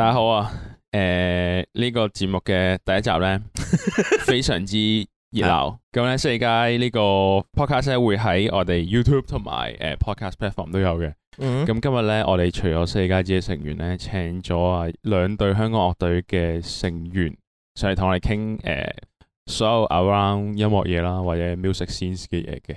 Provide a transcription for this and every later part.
大家好啊！誒、呃，呢、這個節目嘅第一集咧， 非常之熱鬧。咁咧、 啊，四街呢個 podcast 會喺我哋 YouTube 同埋誒 podcast platform 都有嘅。咁、嗯、今日咧，我哋除咗四街之嘅成員咧，請咗啊兩隊香港樂隊嘅成員上嚟同我哋傾誒所有 around 音樂嘢啦，或者 music scenes 嘅嘢嘅。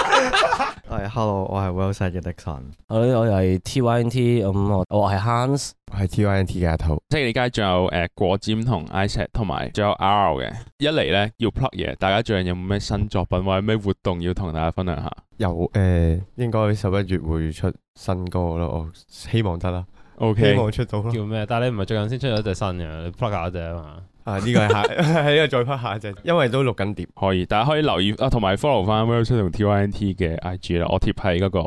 係、 hey,，Hello，我係 Wellsaid 嘅 Dixon，Hello 我我係 TYNT，咁我我係 Hans，我係 TYNT 嘅阿兔。即係你而家仲有誒、uh, 果尖同 Iset 同埋仲有 R 嘅，一嚟咧要 plug 嘢，大家最近有冇咩新作品或者咩活動要同大家分享下？有誒、呃，應該十一月會出新歌咯，我希望得啦，O K，希望出到咯，叫咩？但係你唔係最近先出咗隻新嘅，plug 下隻啊嘛。 啊！呢、這個係喺喺度再拍 u t 下，下因為都錄緊碟。 可以，大家可以留意啊，同埋 follow 翻 Wellsaid 同 TYNT 嘅 IG 啦，我貼喺嗰個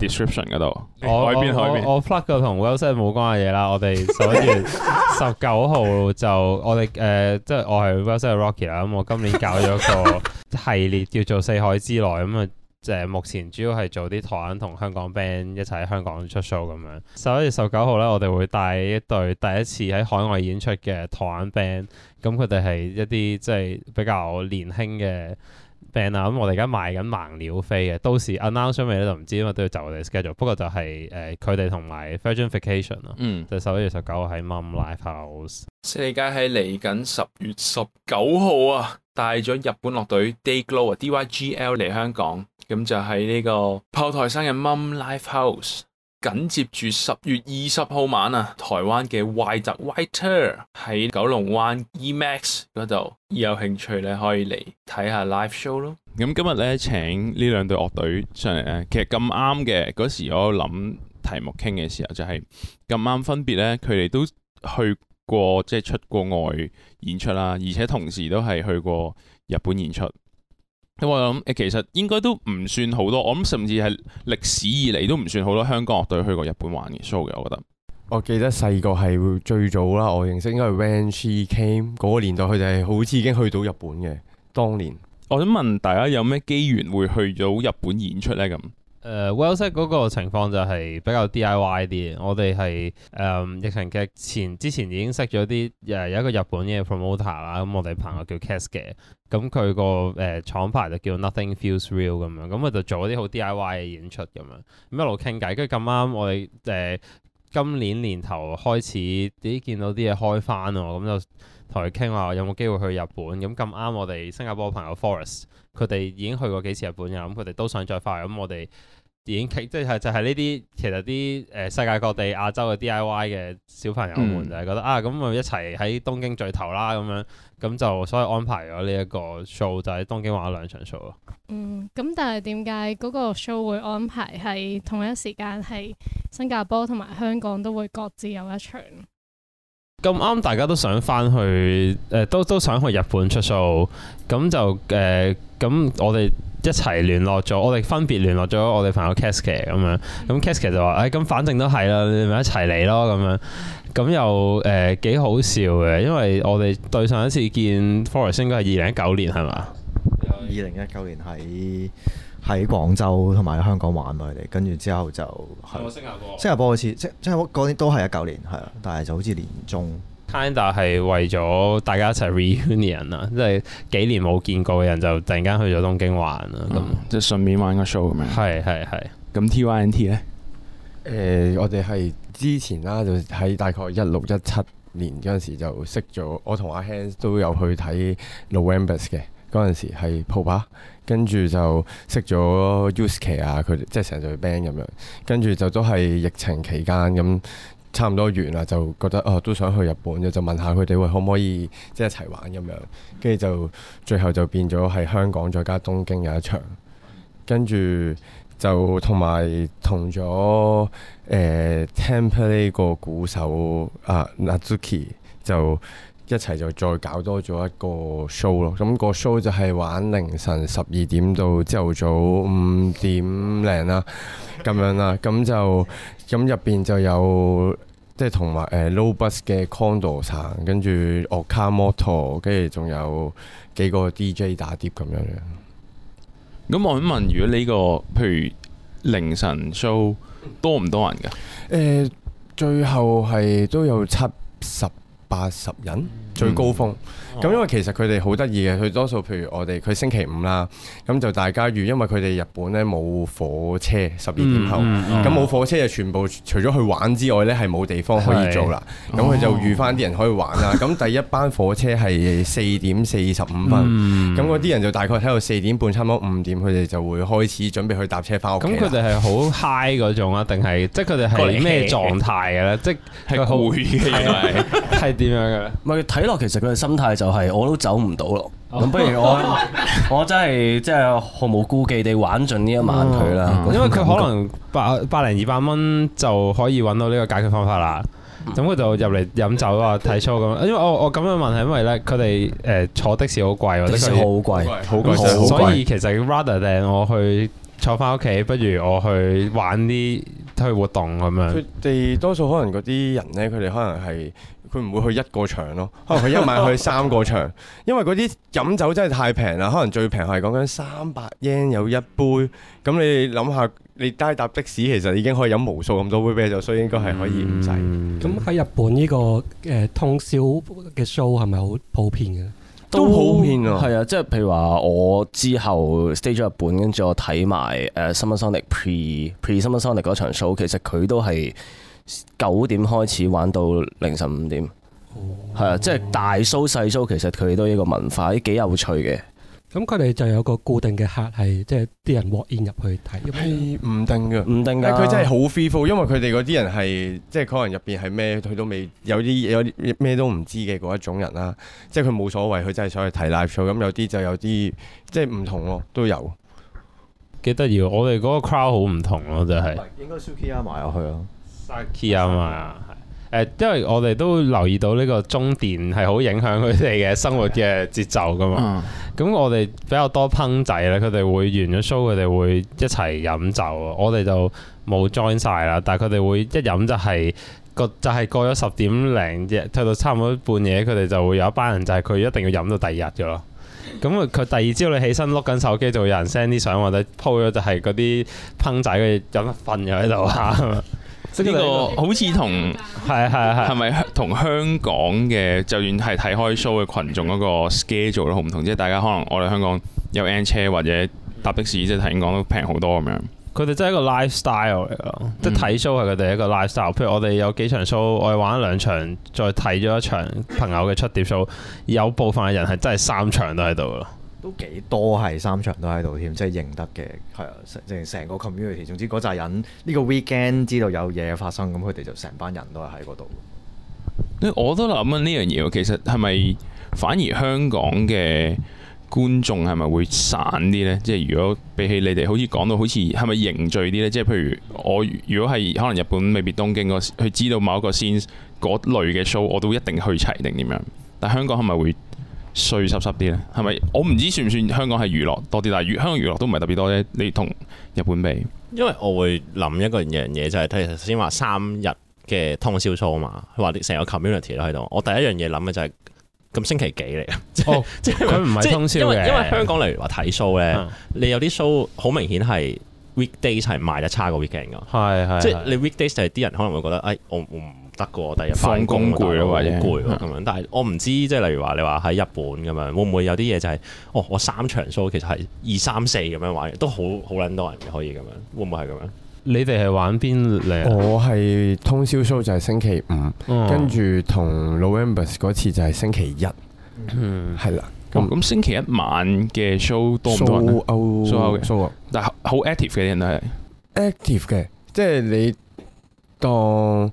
description 嗰度。我我我 plug 個同 Wellsaid、well、冇關嘅嘢啦，我哋所以，十九號就我哋誒、 呃，即係我係 Wellsaid、well、Rocky 咁、嗯、我今年搞咗個系列叫做四海之內咁啊。嗯即係目前主要係做啲台灣同香港 band 一齊喺香港出 show 咁樣。十一月十九號咧，我哋會帶一隊第一次喺海外演出嘅台灣 band。咁佢哋係一啲即係比較年輕嘅 band 啊。咁我哋而家賣緊盲鳥飛嘅，到時 announce 未咧就唔知，因為都要就我哋 schedule。不過就係、是、誒，佢、呃、哋同埋 Virgin Vacation 咯。嗯，就十一月十九號喺 Mom Life House。世界喺嚟緊十月十九號啊！帶咗日本樂隊 Dayglow 啊，DYGL 嚟香港，咁就喺呢個炮台山嘅 Mum Live House。緊接住十月二十號晚啊，台灣嘅 w Y 澤 Writer 喺九龍灣 EMAX 嗰度，有興趣咧可以嚟睇下 live show 咯。咁今日咧請呢兩隊樂隊上嚟咧，其實咁啱嘅嗰時我諗題目傾嘅時候就係咁啱分別咧，佢哋都去。過即係出國外演出啦，而且同時都係去過日本演出。咁我諗誒、欸，其實應該都唔算好多，我諗甚至係歷史以嚟都唔算好多香港樂隊去過日本玩嘅 show 嘅。我覺得我記得細個係最早啦，我認識應該係 When She Came 嗰個年代，佢就係好似已經去到日本嘅當年。我想問大家有咩機緣會去到日本演出呢？咁。誒 Wellsaid 嗰個情況就係比較 DIY 啲嘅，我哋係誒疫情劇前之前已經識咗啲誒有一個日本嘅 promoter 啦，咁我哋朋友叫 Kes 嘅，咁佢個誒廠牌就叫 Nothing Feels Real 咁樣，咁佢就做啲好 DIY 嘅演出咁樣，咁一路傾偈，跟住咁啱我哋誒、uh, 今年年頭開始已經見到啲嘢開翻喎，咁就。同佢傾話，有冇機會去日本咁，咁啱，我哋新加坡朋友 Forest 佢哋已經去過幾次日本嘅，咁佢哋都想再翻嚟。咁我哋已經傾即係就係呢啲其實啲誒世界各地亞洲嘅 DIY 嘅小朋友們就係、嗯、覺得啊，咁咪一齊喺東京聚頭啦咁樣，咁就所以安排咗呢一個 show 就喺東京玩兩場 show 咯。嗯，咁但係點解嗰個 show 會安排係同一時間係新加坡同埋香港都會各自有一場？咁啱大家都想翻去，誒、呃、都都想去日本出 show，咁就誒咁、呃、我哋一齊聯絡咗，我哋分別聯絡咗我哋朋友 c a s k e 咁樣，咁 c a s k e 就話：誒、哎、咁反正都係啦，你哋咪一齊嚟咯咁樣，咁又誒幾、呃、好笑嘅，因為我哋對上一次見 Forest 應該係二零一九年係嘛？二零一九年喺。喺廣州同埋香港玩佢哋，跟住之後就係新加坡，新加坡好似即即嗰啲都係一九年係啦，但係就好似年中。Tinder 係為咗大家一齊 reunion 啦，即係幾年冇見過嘅人就突然間去咗東京玩啦，咁、嗯、那即係順便玩個 show 咁樣、嗯。係係係。咁 TYNT 咧？誒、呃，我哋係之前啦，就喺大概一六一七年嗰陣時就識咗，我同阿 Hanz 都有去睇 November 嘅。嗰陣時係鋪吧，跟住就識咗 Yusuke 啊，佢即係成隊 band 咁樣，跟住就都係疫情期間咁差唔多完啦，就覺得哦都想去日本，就問下佢哋話可唔可以即係一齊玩咁樣，跟住就最後就變咗係香港再加東京有一場，跟住就同埋同咗誒、呃、Tempalay 呢個鼓手啊 Natsuki 就。一齊就再搞多咗一個 show 咯，咁個 show 就係玩凌晨十二點到朝頭早五點零啦，咁樣啦，咁就咁入邊就有即係同埋誒 low bus 嘅 condo 場，跟住 Oka Motor，跟住仲有幾個 DJ 打碟咁樣樣。咁我想問，如果呢、呢個譬如凌晨 show 多唔多人㗎？誒、呃，最後係都有七十八十人。最高峰。嗯。咁因為其實佢哋好得意嘅，佢多數譬如我哋，佢星期五啦，咁就大家預，因為佢哋日本咧冇火車十二點後，咁冇火車就全部除咗去玩之外咧，係冇地方可以做啦。咁佢就預翻啲人可以玩啦。咁第一班火車係四點四十五分，咁嗰啲人就大概喺度四點半差唔多五點佢哋就會開始準備去搭車翻屋企。咁佢哋係好 high 嗰種啊？定係即係佢哋係咩狀態嘅咧？即係攰嘅，係點樣嘅？唔係睇落其實佢哋心態。就係我都走唔到咯，咁、哦、不如我 我真係即係毫無顧忌地玩盡呢一晚佢啦，哦、因為佢可能百百零二百蚊就可以揾到呢個解決方法啦。咁佢、嗯、就入嚟飲酒啊、睇 show 咁。因為我我咁樣問係因為呢，佢哋誒坐的士好貴， 的士好貴，好貴，所以其實 rather than 我去坐翻屋企，不如我去玩啲去活動咁樣。佢哋多數可能嗰啲人呢，佢哋可能係。佢唔會去一個場咯，可能佢一晚去三個場， 因為嗰啲飲酒真係太平啦。可能最平係講緊三百 yen 有一杯，咁你諗下，你齋搭的士其實已經可以飲無數咁多杯啤酒，所以應該係可以唔使。咁喺、嗯、日本呢、呢個誒、呃、通宵嘅 show 係咪好普遍嘅？都普遍啊，係啊，啊，即係譬如話我之後 stay 咗日本，跟住我睇埋誒 summer sonic pre pre summer sonic 嗰場 show，其實佢都係。九點開始玩到凌晨五點、oh,，係、就、啊、是，即係大 show 細 show，其實佢都一個文化，啲幾有趣嘅。咁佢哋就有個固定嘅客係，即係啲人 walk in 入去睇。唔定噶，唔定噶，佢真係好 freeflow 因為佢哋嗰啲人係即係可能入邊係咩，佢都未有啲有啲咩都唔知嘅嗰一種人啦。即係佢冇所謂，佢真係想去睇 live show。咁有啲就有啲即係唔同咯，都有幾得意。我哋嗰個 crow 好唔同咯，真係應該 suki 埋入去啊。就是 阿 Key 啊嘛，誒，因為我哋都留意到呢個終電係好影響佢哋嘅生活嘅節奏噶嘛。咁、嗯嗯、我哋比較多烹仔咧，佢哋會完咗 show，佢哋會一齊飲酒。我哋就冇 join 晒啦，但係佢哋會一飲就係、是、過，就係、是、過咗十點零嘅，去到差唔多半夜，佢哋就會有一班人就係佢一定要飲到第二日嘅咯。咁佢第二朝你起身碌緊手機，就會有人 send 啲相或者 po 咗就係嗰啲烹仔嘅飲瞓咗喺度啊。 即呢個好似同係係係係咪同香港嘅，就算係睇開 show 嘅群眾嗰個 schedule 都好唔同。即係大家可能我哋香港有 N 車或者搭的士，即係睇講都平好多咁樣。佢哋真係一個 lifestyle 嚟咯，嗯、即係睇 show 係佢哋一個 lifestyle。譬如我哋有幾場 show，我哋玩兩場，再睇咗一場朋友嘅出碟 show。有部分嘅人係真係三場都喺度咯。都幾多係三場都喺度添，即係認得嘅，係啊，成成個 community。總之嗰扎人呢個 weekend 知道有嘢發生，咁佢哋就成班人都係喺嗰度。誒，我都諗緊呢樣嘢，其實係咪反而香港嘅觀眾係咪會散啲呢？即係如果比起你哋，好似講到好似係咪凝聚啲呢？即係譬如我如果係可能日本未必東京嗰，佢知道某一個 scene 嗰類嘅 show，我都一定去齊定點樣。但香港係咪會？衰濕濕啲咧，係咪？我唔知算唔算香港係娛樂多啲，但係粵香港娛樂都唔係特別多啫。你同日本比，因為我會諗一個樣嘢就係睇頭先話三日嘅通宵 show 嘛，佢話啲成個 community 咯喺度。我第一樣嘢諗嘅就係、是、咁星期幾嚟啊？即係佢唔係通宵因為，因為香港例如話睇 show 咧， 你有啲 show 好明顯係 weekdays 係賣得差過 weekend 噶，即係你 weekdays 就係啲人可能會覺得哎，我嗯。我得第日返工攰咯，或者攰咯咁樣。但係我唔知，即、就、係、是、例如話你話喺日本咁樣，會唔會有啲嘢就係、是、哦？我三場 show 其實係二三四咁樣玩，嘅，都好好撚多人嘅，可以咁樣。會唔會係咁樣？你哋係玩邊咧？我係通宵 show 就係星期五，哦、跟住同 November 嗰次就係星期一。嗯，係啦。咁咁、嗯、星期一晚嘅 show 多唔多？show、so, oh, so, oh. 但係好 active 嘅啲人都係 active 嘅，即係你當。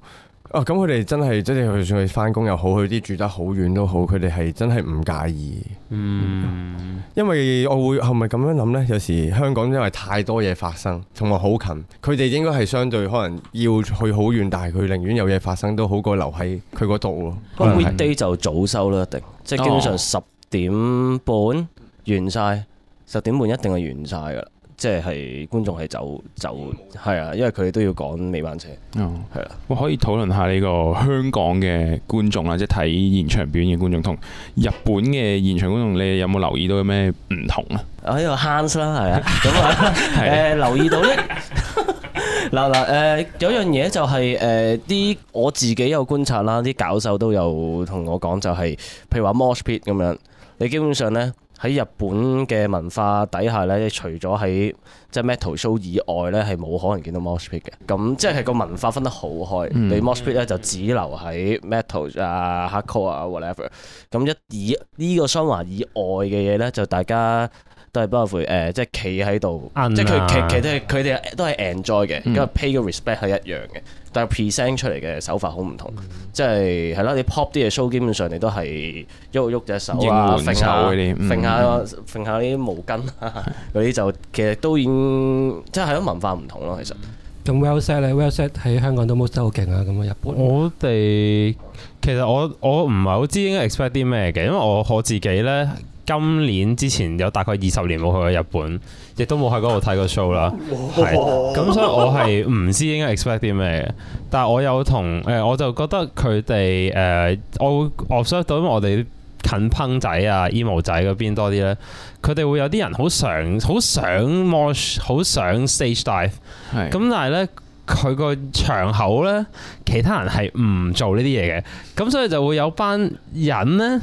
哦，咁佢哋真係，真係就算去翻工又好，佢啲住得好遠都好，佢哋係真係唔介意。嗯，因為我會係咪咁樣諗呢？有時香港因為太多嘢發生，同埋好近，佢哋應該係相對可能要去好遠，但係佢寧願有嘢發生都好過留喺佢嗰度咯。Monday 就早收啦，一定即係基本上十點半、oh. 完晒，十點半一定係完晒㗎喇。即係觀眾係走走係啊，因為佢哋都要趕尾班車。哦，是的 哦，啊，我可以討論下呢個香港嘅觀眾啦，即係睇現場表演嘅觀眾同日本嘅現場觀眾，你有冇留意到有咩唔同啊？喺度慳啦，係啊，咁啊 呃，誒留意到呢？嗱嗱誒，有樣嘢就係誒啲我自己有觀察啦，啲搞手都有同我講，就係、是、譬如話 mosh pit 咁樣，你基本上呢。喺日本嘅文化底下咧，除咗喺即係 metal show 以外咧，係冇可能見到 mosh pit 嘅。咁即係個文化分得好開。嗯、你 mosh pit 咧就只留喺 metal、mm hmm. 啊、hardcore 啊、whatever。咁一以呢個雙環以外嘅嘢咧，就大家，都係不外乎誒，即係企喺度，即係佢佢佢哋佢哋都係 enjoy 嘅，咁啊 pay 嘅 respect 係一樣嘅，但係 present 出嚟嘅手法好唔同，即係係啦，你 pop 啲嘢 show，基本上你都係喐喐隻手揈下揈下揈下啲毛巾嗰啲就其實都已經即係咯文化唔同咯，其實。咁 Wellsaid 咧，Wellsaid 喺香港都冇 s 勁啊，咁啊日本。我哋其實我我唔係好知應該 expect 啲咩嘅，因為我我自己咧。今年之前有大概二十年冇去過日本，亦都冇喺嗰度睇過 show 啦。咁哇 所以我係唔知應該 expect 啲咩嘅。但係我有同誒，我就覺得佢哋誒，我會 observe 到我，因為我哋近烹仔啊、emo 仔嗰邊多啲咧，佢哋會有啲人好想好想 mosh、好想 stage dive 是。咁但係咧，佢個場口咧，其他人係唔做呢啲嘢嘅。咁所以就會有班人咧。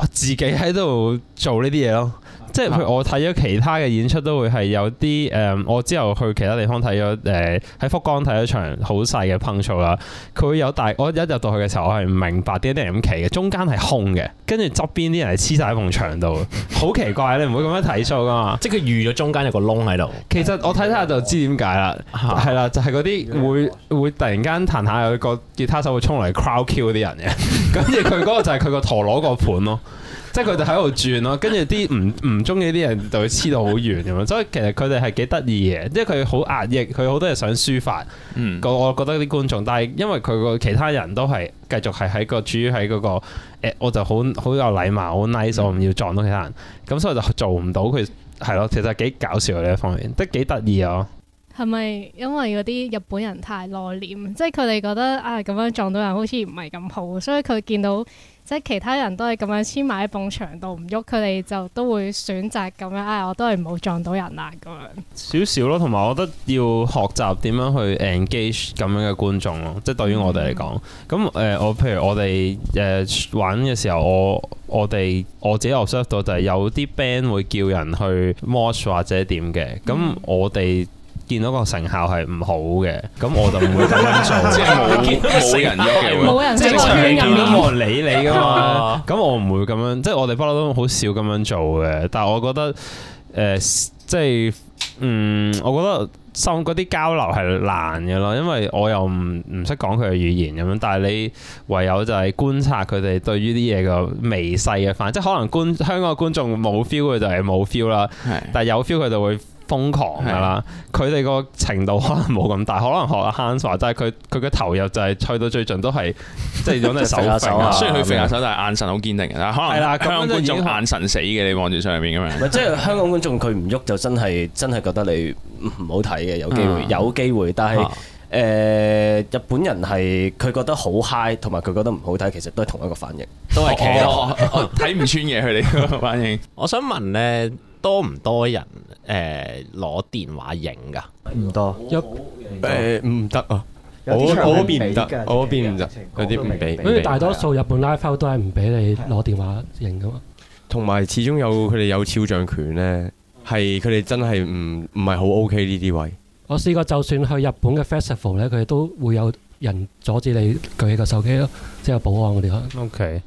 我自己喺度做呢啲嘢咯。即係譬如我睇咗其他嘅演出，都會係有啲誒、嗯，我之後去其他地方睇咗誒，喺、呃、福岡睇咗場好細嘅 punk show 啦。佢有大，我一入到去嘅時候，我係唔明白啲啲人咁企嘅，中間係空嘅，跟住側邊啲人係黐晒喺埲牆度，好奇怪，你唔會咁樣睇數噶嘛？ 即係佢預咗中間有個窿喺度。其實我睇睇下就知點解啦，係啦、 啊，就係嗰啲會會突然間彈下有個吉他手會衝嚟 crowd kill 啲人嘅，跟住佢嗰個就係佢個陀螺個盤咯。 即係佢哋喺度轉咯，跟住啲唔唔中意啲人就會黐到好遠咁樣， 所以其實佢哋係幾得意嘅，即係佢好壓抑，佢好多嘢想抒發。嗯，我我覺得啲觀眾，但係因為佢個其他人都係繼續係喺、嗰個主要喺嗰個誒，我就好好有禮貌，好 nice，我唔要撞到其他人，咁、嗯、所以就做唔到佢係咯。其實幾搞笑嘅呢一方面，都幾得意咯。係咪因為嗰啲日本人太內斂，即係佢哋覺得啊咁樣撞到人好似唔係咁好，所以佢見到。即係其他人都係咁樣黐埋喺埲牆度唔喐，佢哋就都會選擇咁樣。唉、哎，我都係唔好撞到人啊咁樣。少少咯，同埋我覺得要學習點樣去 engage 咁樣嘅觀眾咯。即係對於我哋嚟講，咁誒、嗯呃，我譬如我哋誒、呃、玩嘅時候，我我哋我自己我收到就係有啲 band 會叫人去 mosh 或者點嘅，咁、嗯、我哋。見到個成效係唔好嘅，咁我就唔會咁樣做， 即係冇 人 人，冇人即係冇人理你㗎嘛。咁我唔會咁樣，即係我哋不嬲都好少咁樣做嘅。但係我覺得，誒、呃，即係嗯，我覺得深嗰啲交流係難嘅咯，因為我又唔唔識講佢嘅語言咁樣。但係你唯有就係觀察佢哋對於啲嘢嘅微細嘅反，即係可能觀香港嘅觀眾冇 feel 佢就係冇 feel 啦，的但係有 feel 佢就會。瘋狂噶、啊、啦！佢哋個程度可能冇咁大，可能學阿 Hanz 話，但係佢佢嘅投入就係、是、去到最盡都係，即、就、係、是、用隻手， 手，雖然佢肥下手，但係眼神好堅定。係啦、嗯嗯，香港觀眾眼神死嘅，你望住上面咁樣。即係香港觀眾，佢唔喐就真係真係覺得你唔好睇嘅，有機會有機會。但係誒、啊呃，日本人係佢覺得好 high，同埋佢覺得唔好睇，其實都係同一個反應，都係企睇唔穿嘢。佢哋反應， 我想問咧，多唔多人？誒攞、呃、電話影噶？唔多，一有？誒唔得啊！我我邊唔得，我邊唔得，有啲唔俾。比因為大多數日本 live show 都係唔俾你攞電話影噶嘛。同埋始終有佢哋有肖像權咧，係佢哋真係唔唔係好 OK 呢啲位。我試過就算去日本嘅 festival 咧，佢哋都會有人阻止你舉起個手機咯，即係 保安嗰啲咯。O K。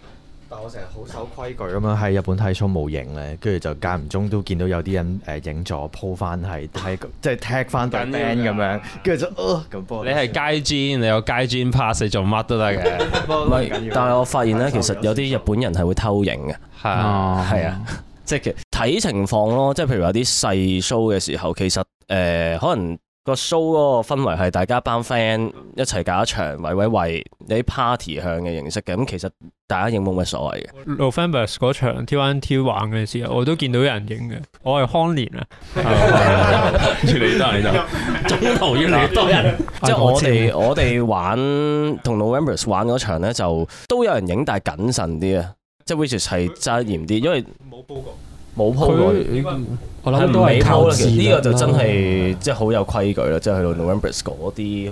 我成日好守規矩咁樣喺日本睇 show 冇影咧，跟住就間唔中都見到有啲人誒影咗 po 翻係睇即係踢翻對 band 咁樣，跟住就啊咁波。呃、你係街磚，你有街磚 pass 你做乜都得嘅。但係我發現咧， 其實有啲日本人係會偷影嘅。係啊，係啊，即係其實睇情況咯。即係譬如有啲細 show 嘅時候，其實誒、呃、可能。個 show 嗰個氛圍係大家班 friend 一齊搞一場圍威喂，為你 party 向嘅形式嘅，咁其實大家影冇乜所謂嘅。November 嗰場 TYNT 玩嘅時候，我都見到有人影嘅。我係康年啊， 越嚟越多人，中途越嚟越多人。即係我哋我哋玩同 November 玩嗰場咧，就都有人影，但係謹慎啲啊。即係 which is 係揸嚴啲，因為冇報告。冇鋪耐，過它我諗都係唔俾呢個就真係、嗯、即係好有規矩啦，嗯、即係去到 November 嗰啲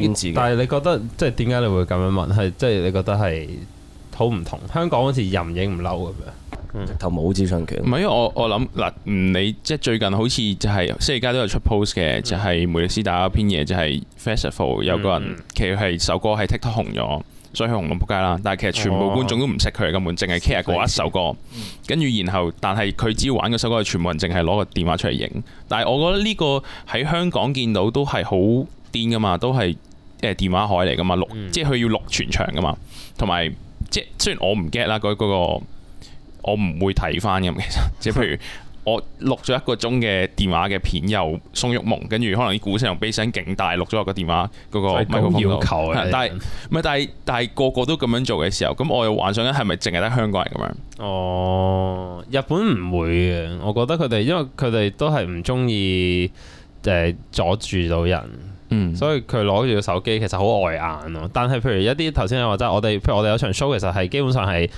篇字。但係你覺得即係點解你會咁樣問？係即係你覺得係好唔同？香港好似任影唔嬲咁樣，直、嗯、頭冇資上權。唔係因為我我諗嗱，你即係最近好似就係、是、星期街都有出 post 嘅，嗯、就係梅利斯打一篇嘢，就係 Festival 有個人、嗯、其實係首歌係 TikTok 紅咗。所以喺紅磡撲街啦，但係其實全部觀眾都唔識佢嚟嘅，根本淨係 care 嗰一首歌，跟住、嗯、然後，但係佢只要玩嗰首歌，全部人淨係攞個電話出嚟影。但係我覺得呢個喺香港見到都係好癲噶嘛，都係誒電話海嚟噶嘛，錄、嗯、即係佢要錄全場噶嘛，同埋即係雖然我唔 get 啦，嗰、嗰個、嗰個、我唔會睇翻咁其實，即係譬如。 我錄咗一個鐘嘅電話嘅片，又鬆郁矇，跟住可能啲鼓聲又 bass 聲勁大，錄咗落個電話嗰 個麥克風度但係唔係？但係 但係個個都咁樣做嘅時候，咁我又幻想緊係咪淨係得香港人咁樣？哦，日本唔會嘅，我覺得佢哋因為佢哋都係唔中意誒阻住到人，嗯，所以佢攞住個手機其實好礙眼咯。但係譬如一啲頭先話即係我哋，譬如我哋有場 show，其實係基本上係。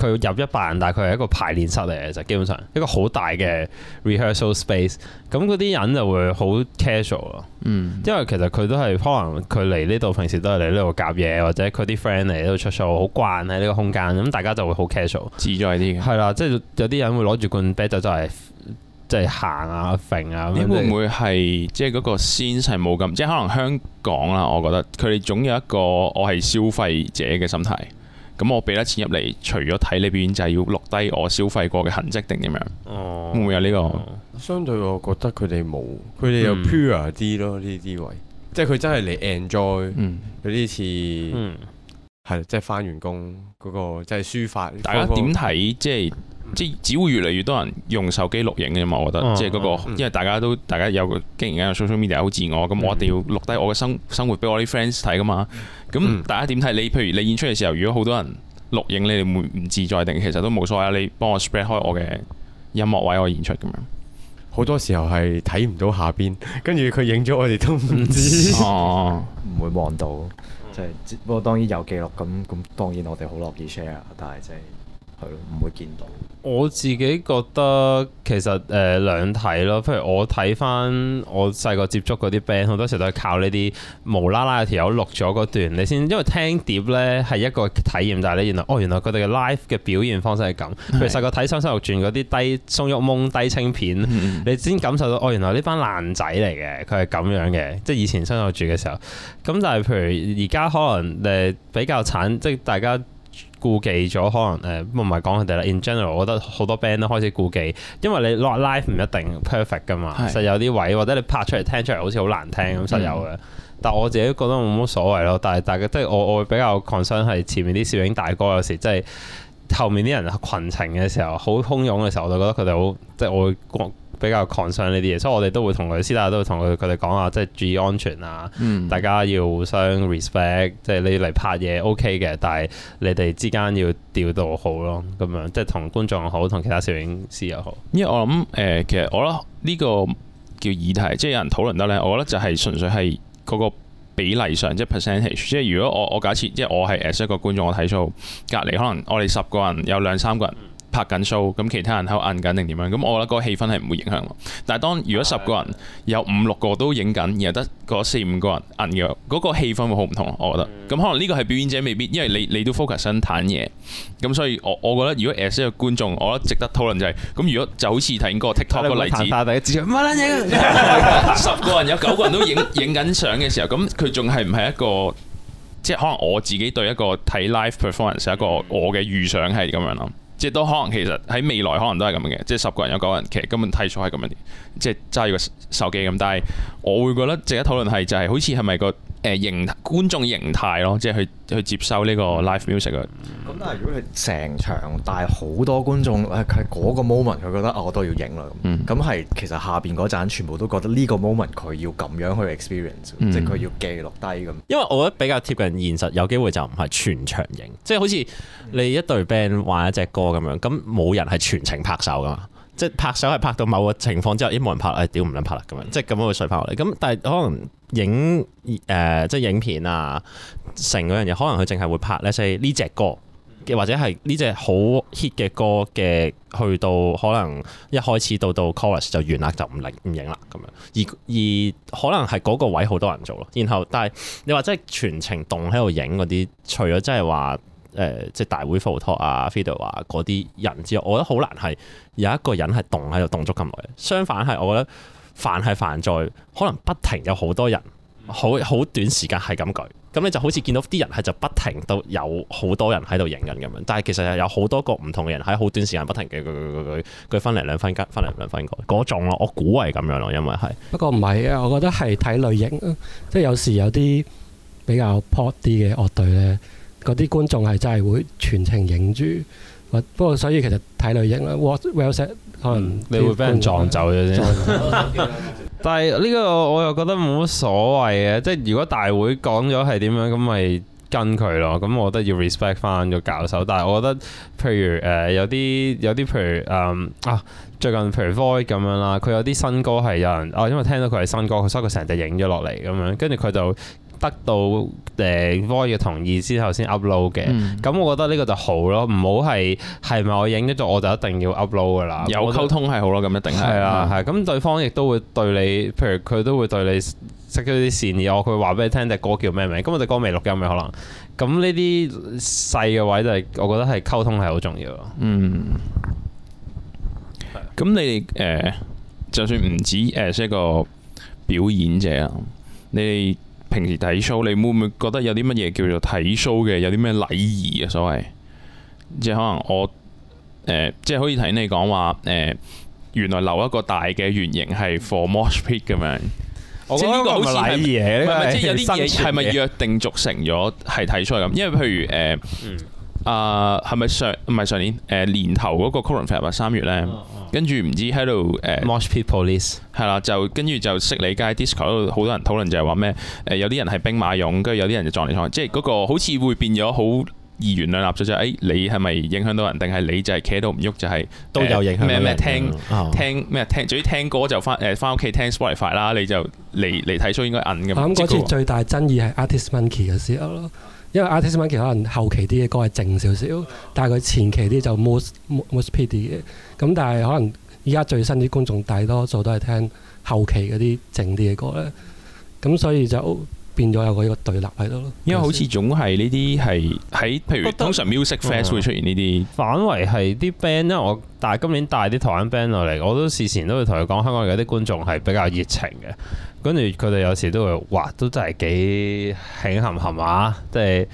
佢入一百人，但係佢係一個排練室嚟嘅，就基本上一個好大嘅 rehearsal space。咁嗰啲人就會好 casual 咯，嗯、因為其實佢都係可能佢嚟呢度，平時都係嚟呢度夾嘢，或者佢啲 friend 嚟呢度出 show，好慣喺呢個空間，咁大家就會好 casual，自在啲嘅。係啦，即係有啲人會攞住罐啤酒就嚟、是，即嚟行啊、揈啊。點、啊、會唔會係是即係嗰個 sense 係冇咁？即係可能香港啦、啊，我覺得佢哋總有一個我係消費者嘅心態。咁我俾得錢入嚟，除咗睇你表演，就係、是、要錄低我消費過嘅痕跡定點樣？啊、會唔會有呢、這個？相對我覺得佢哋冇，佢哋又 pure 啲咯呢啲位，即係佢真係你 enjoy。嗯，佢呢次嗯係，即係翻完工嗰個即係、就是、書法。大家點睇？即係。即係只會越嚟越多人用手機錄影嘅啫嘛，我覺得即係嗰、嗰個，哦、因為大家都、嗯、大家有經營有 social media 好自我，咁我一定要錄低我嘅生、嗯、生活俾我啲 friends 睇噶嘛。咁大家點睇？你譬如你演出嘅時候，如果好多人錄影，你哋唔自在定其實都冇所謂啊？你幫我 spread 開我嘅音樂位我演出咁樣。好多時候係睇唔到下邊，跟住佢影咗我哋都唔知。哦，唔會望到，即係不過當然有記錄咁，咁當然我哋好樂意 share，但係佢唔會見到。我自己覺得其實誒、呃、兩睇咯，譬如我睇翻我細個接觸嗰啲 band，好多時都係靠呢啲無啦啦有條友錄咗嗰段，你先因為聽碟咧係一個體驗，但、就、係、是、你原來哦原來佢哋嘅 live 嘅表現方式係咁。譬如細個睇《三生六轉》嗰啲低鬆郁蒙低清片，是的 你先感受到哦原來呢班爛仔嚟嘅，佢係咁樣嘅，即係以前生活住嘅時候。咁但係譬如而家可能誒比較慘，即係大家。顧忌咗可能誒，唔係講佢哋啦。In general，我覺得好多 band 都開始顧忌，因為你 not live 唔一定 perfect 㗎嘛，是實有啲位或者你拍出嚟聽出嚟好似好難聽咁，實有嘅。嗯、但我自己都覺得冇乜所謂咯。但係大家即係我，我會比較 concern 係前面啲攝影大哥有時即係後面啲人群情嘅時候，好洶湧嘅時候，我就覺得佢哋好即係我會。我比較 concern 呢啲嘢，所以我哋都會同律師，但都會同佢佢哋講啊，即係注意安全啊，嗯、大家要互相 respect，即係你嚟拍嘢 OK 嘅，但係你哋之間要調度好咯，咁樣即係同觀眾好，同其他攝影師又好。因為我諗誒、呃，其實我覺得呢個叫議題，即係有人討論得咧，我覺得就係純粹係嗰個比例上，即係 percentage。即係如果我我假設，即係我係一個觀眾，我睇到隔離可能我哋十個人有兩三個人。拍緊 show，咁其他人喺度摁緊定點樣？咁我覺得嗰個氣氛係唔會影響咯。但係當如果十個人的有五六個都影緊，然後得嗰四五個人摁嘅，嗰、嗰個氣氛會好唔同我覺得。咁、嗯、可能呢個係表演者未必，因為你你都 focus 喺彈嘢。咁所以我我覺得如果 as 一個觀眾，我覺得值得討論就係、係，咁如果就好似睇個 TikTok 個例子，十個人有九個人都影影緊相嘅時候，咁佢仲係唔係一個？即係可能我自己對一個睇 live performance 一個我嘅預想係咁樣咯。即都可能，其實喺未來可能都係咁嘅，即係十個人有九個人其實，根本睇數係咁樣，即係揸住個手機咁。但係我會覺得值得討論係就係好似係咪個？誒、呃、形觀眾形態咯，即係去去接收呢個 live music 咁，但係如果係成場，但係好多觀眾佢嗰個 moment 佢覺得、啊、我都要影啦咁。咁係、嗯、其實下邊嗰陣全部都覺得呢個 moment 佢要咁樣去 experience、嗯、即係佢要記錄低咁。嗯、因為我覺得比較貼近現實，有機會就唔係全場影，即係好似你一隊 band 玩一隻歌咁樣，咁冇人係全程拍手噶嘛。即係拍手係拍到某個情況之後，已經冇人拍，誒、哎，屌唔捻拍啦咁樣，即係咁樣會衰翻落嚟。咁但係可能影誒、呃，即係影片啊，成嗰樣嘢，可能佢淨係會拍咧，即係呢隻歌，或者係呢隻好 hit 嘅歌嘅，去到可能一開始到到 chorus 就完啦，就唔嚟唔影啦咁樣。而而可能係嗰個位好多人做咯。然後但係你話即係全程動喺度影嗰啲，除咗即係話。誒、呃，即係大會 f 托啊 f i d e o 啊，嗰啲、啊、人之外，我覺得好難係有一個人係動喺度動足咁耐。相反係，我覺得凡係凡在，可能不停有好多人，好好短時間係咁舉。咁你就好似見到啲人係就不停都有好多人喺度影緊咁樣。但係其實有好多個唔同嘅人喺好短時間不停舉舉舉舉舉，佢分嚟兩分間，分嚟兩分個嗰種咯。我估係咁樣咯，因為係、啊啊、不過唔係啊。我覺得係睇類型，即係有時有啲比較 pop 啲嘅樂隊咧。嗰啲觀眾係真係會全程影住，不過所以其實睇類型啦。Wellsaid 可能、嗯、你會俾人撞走咗先，但係呢個我又覺得冇乜所謂嘅，即係如果大會講咗係點樣，咁咪跟佢咯。咁我覺得要 respect 翻個教授。但係我覺得，譬如誒、呃、有啲有啲，譬如嗯啊，最近譬如 Void 咁樣啦，佢有啲新歌係有人啊，因為聽到佢係新歌，所以佢成隻影咗落嚟咁樣，跟住佢就得到誒 boy 嘅同意之後先 upload 嘅，咁、嗯、我覺得呢個就好咯，唔好係係咪我影咗咗，我就一定要 upload 噶啦。有溝通係好咯，咁就一定係係啊，咁的、嗯、對方亦都會對你，譬如佢都會對你識咗啲善意，我佢話俾你聽隻歌叫咩名，咁我隻歌未錄音嘅可能，咁呢啲細嘅位就係我覺得係溝通係好重要咯。嗯，咁你哋誒、呃、就算唔止誒、呃、係一個表演者啊，你哋？平時睇 show，你會唔會覺得有啲乜嘢叫做睇 show 嘅？有啲咩禮儀啊？所謂即係可能我誒、呃，即係可以睇你講話誒、呃，原來留一個大嘅圓形係 for mosh pit 咁樣。我覺得係咪禮儀嘅咧？即係有啲嘢係咪約定俗成咗係睇 show 咁？因為譬如誒，呃嗯啊，係咪上唔係上年？誒、uh, 年頭嗰個 coronavirus 三月咧，跟住唔知喺度誒。Uh, Moshpit police 係啦，就跟住就識你街 disco 嗰度好多人討論就係話咩？誒有啲人係兵馬俑，跟住有啲人撞你撞就撞嚟撞去即係嗰個好似會變咗好二元兩立咗啫。誒、就是哎，你係咪影響到人？定係你就係企喺度唔喐？就係都有影響咩咩聽聽咩聽？主要聽，聽，聽歌就返誒返屋企聽 Spotify 啦、嗯 uh，你就你你睇 show 應該韌咁。我諗嗰次最大爭議係 artist monkey 嘅時候咯。Oh, 因為阿 Tissmann 其實可能後期啲嘅歌係靜少少，但係佢前期啲就 most most pretty 嘅，咁但係可能依家最新啲觀眾大多數都係聽後期嗰啲靜啲嘅歌咧，咁所以就。變咗有一個呢個對立喺度咯，因為好似總係呢啲係喺，譬如都通常 music fest 會出現呢啲、嗯、反為係啲 band 因為我但係今年帶啲台灣 band 落嚟，我都事前都會同佢講，香港有啲觀眾係比較熱情嘅，跟住佢哋有時都會話，都真係幾慶幸，嚇嘛，即係。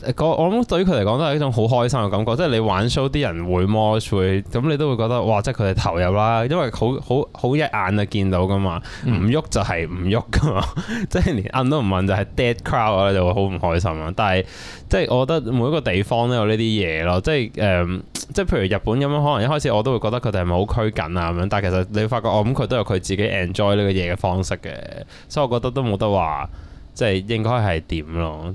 我諗對於佢嚟講都係一種好開心嘅感覺，即係你玩 show 啲人會 mosh 會咁，你都會覺得哇！即係佢哋投入啦，因為好好好一眼就見到噶嘛，唔喐就係唔喐噶嘛，即係連按都唔按就係 dead crowd 咧就會好唔開心啦。但係即係我覺得每一個地方都有呢啲嘢咯，即係誒、呃，即係譬如日本咁樣，可能一開始我都會覺得佢哋係咪好拘謹啊咁樣，但係其實你會發覺我諗佢都有佢自己 enjoy 呢個嘢嘅方式嘅，所以我覺得都冇得話，即係應該係點咯。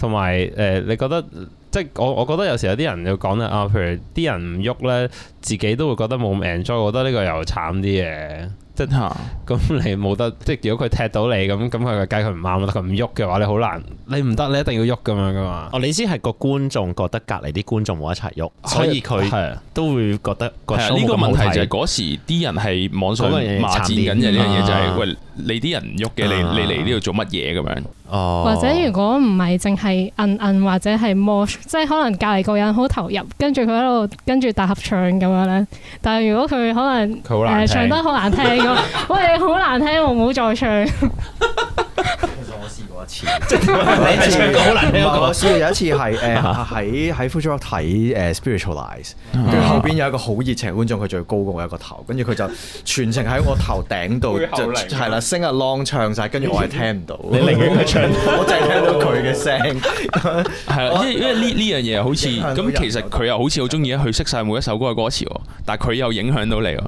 同埋誒，你覺得即係我，我覺得有時有啲人要講得啊，譬如啲人唔喐咧，自己都會覺得冇咁 enjoy，覺得呢個又慘啲嘅，即係咁、嗯嗯、你冇得，即係如果佢踢到你咁，咁佢計佢唔啱佢唔喐嘅話，你好難，你唔得，你一定要喐咁樣噶嘛。哦，你知係個觀眾覺得隔離啲觀眾冇一齊喐，所以佢、啊嗯、都會覺得、啊。呢、呢個問題就係嗰時啲人係網上罵戰緊嘅呢樣嘢，就係喂你啲人唔喐嘅，你你嚟呢度做乜嘢咁樣？或者如果唔係淨係嗯嗯或者係 mosh，即係可能隔籬個人好投入，跟住佢喺度跟住大合唱咁樣咧。但係如果佢可能、呃、唱得好難聽咁， 喂，好難聽，我唔好再唱。 次，即係有一次，我試過有一次係誒，喺喺 Fuji Rock 睇誒 Spiritualize，跟住後邊有一個好熱情嘅觀眾，佢最高過我一個頭，跟住佢就全程喺我頭頂度，係啦 sing along 唱晒。跟住我係聽唔到，你寧願佢唱，我就係聽到佢嘅聲，係啦，因為呢呢樣嘢好似咁，其實佢又好似好中意咧，佢識晒每一首歌嘅歌詞喎，但係佢又影響到你喎，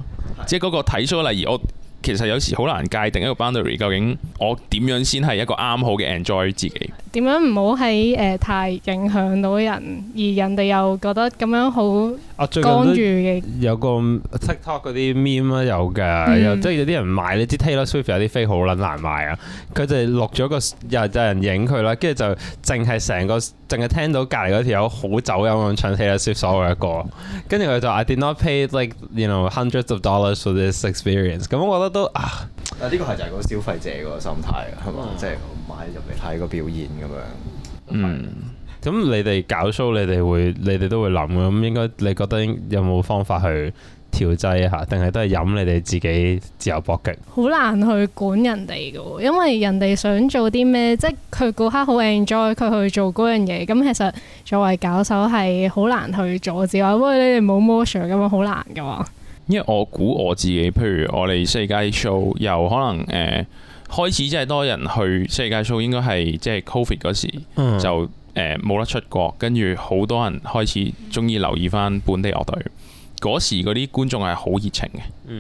即係嗰個睇 show 例如我。其實有時好難界定一個 boundary，究竟我點樣先係一個啱好嘅 enjoy 自己。點樣唔好喺誒太影響到人，而人哋又覺得咁樣好干預嘅、啊嗯。有個 TikTok 嗰啲 Meme 有㗎，又即係有啲人買呢啲 Taylor Swift 有啲飛好撚難買啊！佢哋錄咗個又有人影佢啦，跟住就淨係成個淨係聽到隔離嗰條友好走音咁唱 Taylor Swift 所有嘅歌。跟住佢就 I did not pay like you know hundreds of dollars for this experience。咁我覺得都啊～但呢個係就係個消費者個心態，係嘛、啊？即係、就是、買入嚟睇個表演咁樣。嗯，咁吧、嗯、你哋搞 show，你哋會，你哋都會諗咁。應該你覺得有冇方法去調劑一下，定係都係飲你哋自己自由搏擊？好難去管人哋㗎，因為人哋想做啲咩，即係佢嗰刻好 enjoy，佢去做嗰樣嘢。咁其實作為搞手係好難去阻止話，喂，你哋冇 mojo 咁樣，好難嘅喎。因為我估我自己，譬如我嚟世界 show，由可能誒、呃、開始真係多人去世界 show，應該係即係 covid 嗰時、嗯、就誒冇、呃、得出國，跟住好多人開始中意留意返本地樂隊嗰時嗰啲觀眾係好熱情嘅。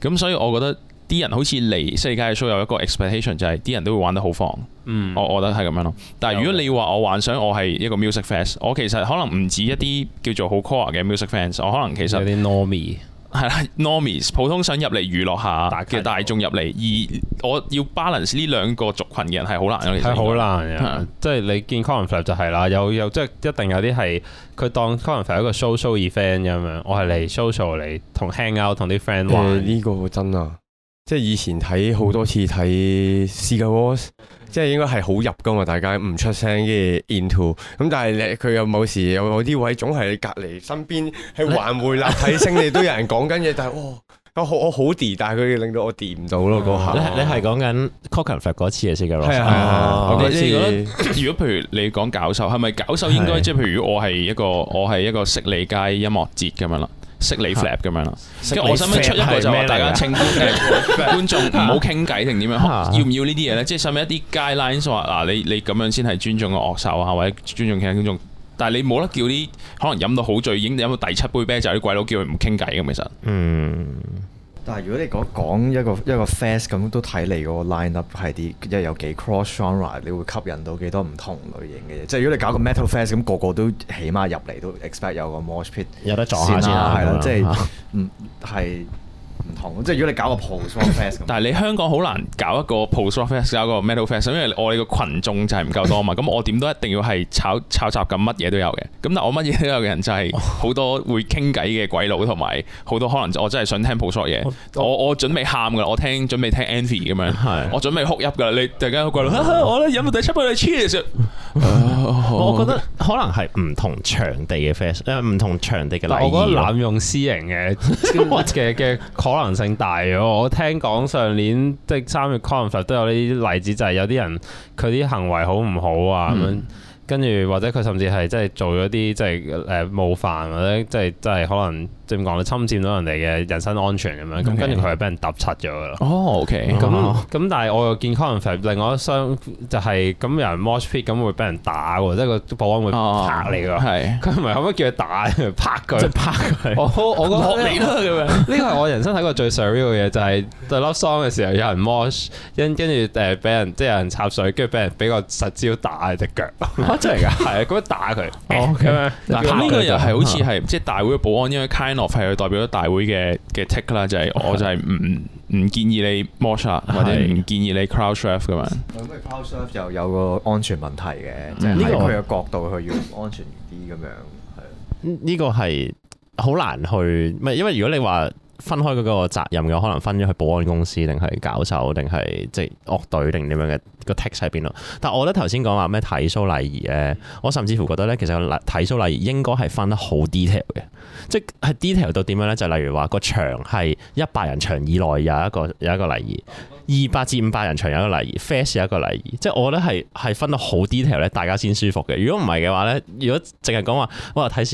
咁、嗯、所以我覺得啲人好似嚟世界 show 有一個 expectation，就係啲人都會玩得好放。嗯、我我覺得係咁樣咯。但係如果你話我幻想我係一個 music fans，我其實可能唔止一啲叫做好 core 嘅 music fans，我可能其實有啲係啦，normies 普通想入嚟娛樂下嘅大眾入嚟，而我要 balance 呢兩個族群嘅人係好難嘅，係好難嘅，的即係你見 con 就係啦，有有即係一定有啲係佢當 con 一個 social event 咁樣，我係嚟 social 嚟同 hang out 同啲 friend 玩。誒呢、欸呢個真啊！即係以前睇好多次睇《Secret Wars》，即係應該係好入㗎嘛，大家唔出聲嘅。into 咁，但係你佢有冇時有啲位總係你隔離身邊係環回立體聲，你都有人講緊嘢， 但係哦，我好啲，但係佢令到我啲唔到咯嗰下。你係講緊 Clockenflap 嗰次嘅《Secret Wars》？係啊係啊，如果,如果譬如你講搞手，係咪搞手應該即係的譬如我係一個我係一個悉尼街音樂節咁樣啦？識你 flap 咁、啊、樣咯，咁我想唔想出一個就大家請嘅 觀眾唔好傾偈定點樣？啊、要唔要呢啲嘢咧？即係想唔想一啲 guidelines 話嗱、啊，你你咁樣先係尊重個樂手啊，或者尊重其他觀眾。但係你冇得叫啲可能飲到好醉已經飲到第七杯啤酒啲鬼佬叫佢唔傾偈嘅，其實。嗯。但係如果你講講一個一個 fest 咁都睇你嗰個 line up 係啲即係有幾 cross genre，你會吸引到幾多唔同類型嘅嘢？即係如果你搞個 metal fest 咁個個都起碼入嚟都 expect 有個 mosh pit，有得撞下先啦，係啦，即係嗯係。同即係如果你搞個 post rock fest 但係你香港好難搞一個 post rock fest，搞個 metal fest，因為我哋個群眾就係唔夠多嘛。咁 我點都一定要係炒炒雜咁，乜嘢都有嘅。咁但我乜嘢都有嘅人就係好多會傾偈嘅鬼佬，同埋好多可能我真係想聽 post rock 嘢。了我我準備喊噶啦，我聽準備聽 envy 咁樣，我準備哭泣噶啦。你突然間好鬼佬， 我飲完第七杯，我 cheer 嘅，我覺得可能係唔同場地嘅 fest，唔同場地嘅禮儀我覺得濫用私營嘅嘅嘅可能性大咗，我聽講上年即係三月 conference 都有呢啲例子，就係、是、有啲人佢啲行為好唔好啊？咁、嗯、樣，跟住或者佢甚至係即係做咗啲即係誒、呃、冒犯或者即係即係可能。即係點講咧？侵佔到人哋嘅人身安全咁樣，咁跟住佢係俾人揼七咗嘅咯。哦，OK，咁咁，但係我又見 c o 另外一雙，就係咁有人 Mosh Pit，咁會俾人打喎，即係個保安會拍你喎。係，佢唔可以叫佢打佢拍佢，即係拍佢。我我落嚟咯咁樣。呢個係我人生睇過最 s e 嘅嘢，就係對笠桑嘅時候有人 Mosh，跟跟住誒俾人即係有人插水，跟住俾人俾個實招打隻腳。嚇真係㗎？係啊，咁樣打佢。o 咁樣。嗱呢個又係好似係即係大會嘅保安，因為係代表咗大會嘅嘅 take 啦，tick, Okay. 就係我就係唔唔建議你 mosh 啊，Yes. 或者唔建議你 crowd surf 咁樣。咁咪 crowd surf 就有個安全問題嘅，呢、嗯呢個佢嘅角度去要安全啲咁樣，係。呢個係好難去，唔係因為如果你話。分開嗰個責任嘅，可能分咗去保安公司，定係搞手，定係即係樂隊，定點樣嘅個 text 喺邊度。但係我覺得頭先講話咩睇 show 禮儀咧，我甚至乎覺得咧，其實睇 show 禮儀應該係分得好 detail 嘅，即係 detail 到點樣咧，就是、例如話個場係一百人場以內有一個有一個禮儀，二百至五百人場有一個禮儀，face 有一個禮儀，即係我覺得係係分得好 detail 咧，大家先舒服嘅。如果唔係嘅話咧，如果淨係講話哇睇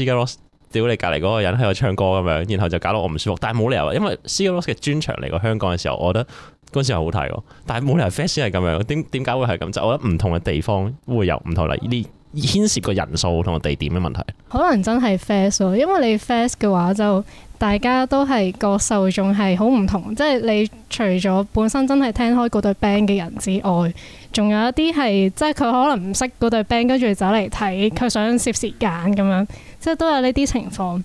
屌你隔籬嗰個人喺度唱歌咁樣，然後就搞到我唔舒服。但係冇理由，因為 c 嘅專場嚟過香港嘅時候，我覺得嗰陣時係好睇。但係冇理由 Fest 先係咁樣，點點解會係咁？就我覺得唔同嘅地方會有唔同嚟，呢啲牽涉個人數同地點嘅問題。可能真係 Fest，因為你 Fest 嘅話就大家都係個受眾係好唔同，即係你除咗本身真係聽開嗰對 band 嘅人之外，仲有一啲係即係佢可能唔識嗰對 band，跟住走嚟睇，佢想攝時間咁樣。即係都有呢啲情況，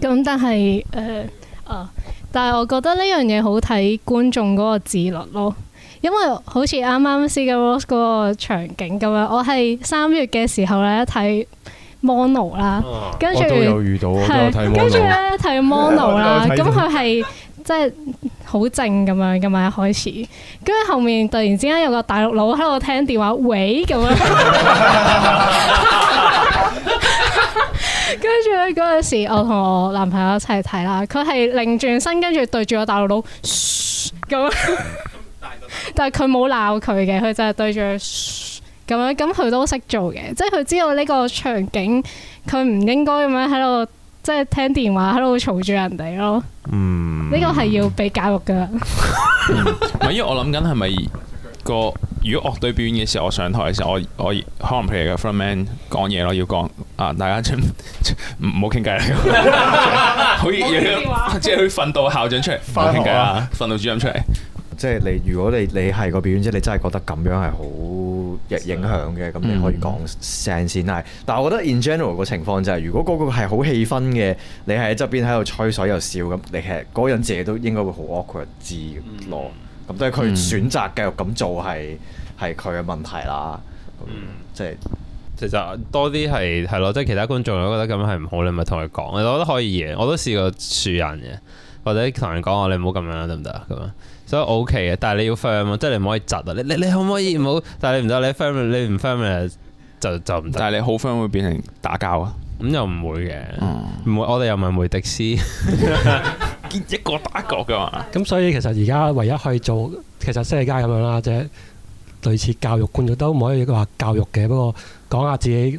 咁但係誒、呃、啊！但係我覺得呢樣嘢好睇觀眾嗰個自律咯，因為好似啱啱《See the Rose》嗰個場景咁樣，我係三月嘅時候咧睇 Mono 啦，跟住係跟住咧睇 Mono 啦，咁佢係即係好靜咁樣嘅嘛，一開始，跟住後面突然之間有個大陸佬喺度聽電話，喂咁樣！ 跟住咧嗰陣時，我同我男朋友一齊睇啦，佢係擰轉身，跟住對住個大陸佬咁，但係佢冇鬧佢嘅，佢就係對住佢咁樣，咁佢都識做嘅，即係佢知道呢個場景，佢唔應該咁樣喺度，即係聽電話喺度嘈住人哋咯。嗯，呢個係要俾教育嘅，咪因為我諗緊係咪？個如果樂隊表演嘅時候，我上台嘅時候，我我可能譬如個 frontman 講嘢咯，要講啊，大家唔 好傾偈，可以即係去訓導校長出嚟傾偈啦，訓導主任出嚟。即係你，如果你你係個表演者，你真係覺得咁樣係好影影響嘅，咁的你可以講聲先。嗯、但係，但係我覺得 in general 個情況就係、是，如果嗰個係好氣氛嘅，你喺側邊喺度吹水又笑咁，那你其實嗰個人自己都應該會好 awkward 知咯。嗯。咁即係佢選擇繼續咁做係係佢嘅問題啦。嗯，即係其實多啲係係咯，即係其他觀眾都覺得咁樣係唔好，你咪同佢講。我覺得可以嘅，我都試過樹人嘅，或者同人講話你唔好咁樣啦，得唔得啊？咁樣，所以 OK 嘅，但係你要 firm 啊，即係你唔可以窒啊。你你你可唔可以唔好？但係你唔得，你 firm 你唔 firm 就就唔得。但係你好 firm 會變成打交啊！咁又唔會嘅，唔會，我哋又唔係梅迪斯，見一個打一個嘅嘛。咁所以其實而家唯一可以做，其實即係而家咁樣啦，或者類似教育，觀眾都唔可以話教育嘅。不過講下自己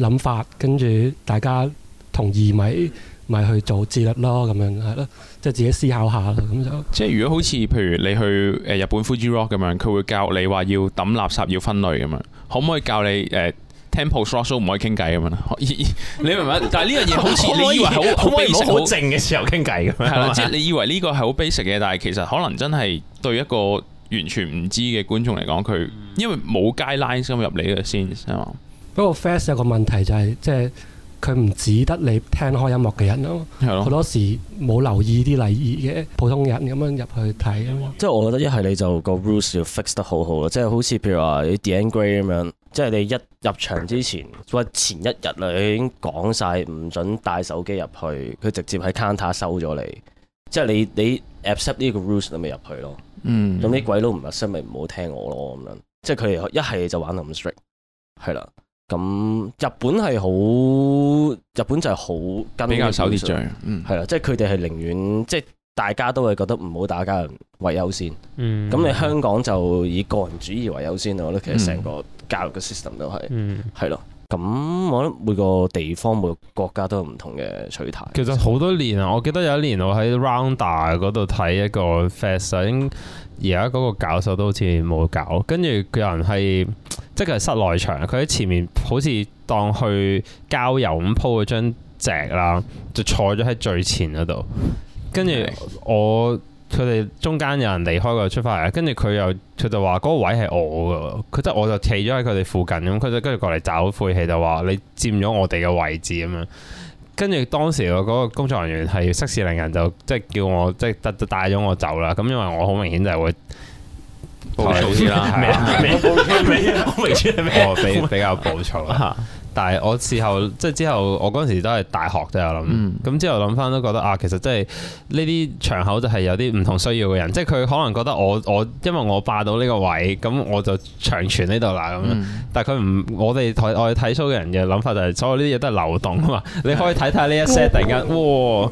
諗法，跟住大家同意咪咪去做自律咯，咁樣係咯，即係自己思考下咯，咁就。即係如果好似譬如你去誒日本 Fuji Rock 咁樣，佢會教你話要抌垃圾要分類咁樣，可唔可以教你誒？Temple Show 唔可以傾偈咁樣你明唔明？但係呢樣嘢好似你以為好好好靜嘅時候傾偈咁樣，係啦 in Okay.。即係你以為呢個係好 basic 嘅，但係其實可能真係對一個完全唔知嘅觀眾嚟講，佢因為冇 guidelines 咁入嚟嘅先係嘛。不過 fast 有個問題就係，即係佢唔只得你聽開音樂嘅人咯，好多時冇留意啲禮儀嘅普通人咁樣入去睇。即係我覺得一係你就個 rules 要 fix 得好好啦，即係好似譬如話啲 Dangry 咁樣。即係你一入場之前或前一日你已經講晒唔准帶手機入去，佢直接喺 counter 收咗你。即係你你 accept 呢個 rules 你咪入去咯。嗯。咁啲鬼佬唔 accept 咪唔好聽我咯咁樣。即係佢哋一係就玩到咁 strict 係啦。咁日本係好日本就係好跟。比較守秩序。嗯。係啦，即係佢哋係寧願即係。大家都係覺得唔好打交為優先，咁、嗯、你香港就以個人主義為優先，我覺得其實成個教育嘅 system 都係係咯。咁我覺得每個地方、每個國家都有唔同嘅取態。其實好多年啊，我記得有一年我喺 Rounder 嗰度睇一個 fest，而家嗰個教授都好似冇搞。跟住個人係即係佢係室內場，佢喺前面好似當去郊遊咁鋪張席啦，就坐咗喺最前嗰度。跟住我，佢哋中間有人離開，佢又出翻嚟。跟住佢又，佢就話嗰個位係我嘅，佢即係我就企咗喺佢哋附近咁，佢就跟住過嚟找晦氣，就話你佔咗我哋嘅位置咁樣。跟住當時我嗰個工作人員係息事寧人，就即係叫我即係特帶咗我走啦。咁因為我好明顯就係會暴躁啦，我比較暴躁。但係我之後即係之後，我嗰陣時都係大學啫，我諗。咁之後諗翻都覺得啊，其實即係呢啲場口就係有啲唔同需要嘅人，即係佢可能覺得我我因為我霸到呢個位，咁我就長存呢度啦。咁樣，但係佢唔，我哋台我哋睇 show 嘅人嘅諗法就係，是，所有呢啲嘢都係流動啊嘛。你可以睇睇呢一些。突然間，哇，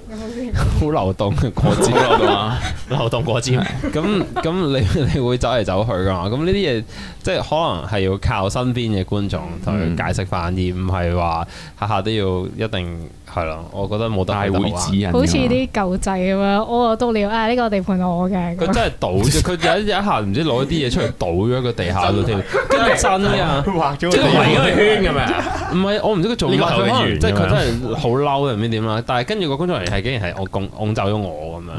好流動嘅過招嘛，流動過招。咁、啊、咁 你你會走嚟走去㗎嘛？咁呢啲嘢。即係可能係要靠身邊嘅觀眾同佢解釋翻，而唔係話下下都要一定係咯。我覺得冇得大會指引，好似啲舊仔咁樣。我話到了啊，呢個地盤我嘅。佢真係倒咗，佢有一下唔知攞啲嘢出嚟倒咗個地下度添，真啊！即個圍咗個圈咁樣？唔係，我唔知佢做咩。即係佢真係好嬲定唔知點啦。但係跟住個工作人員係竟然係我拱走咗我咁樣。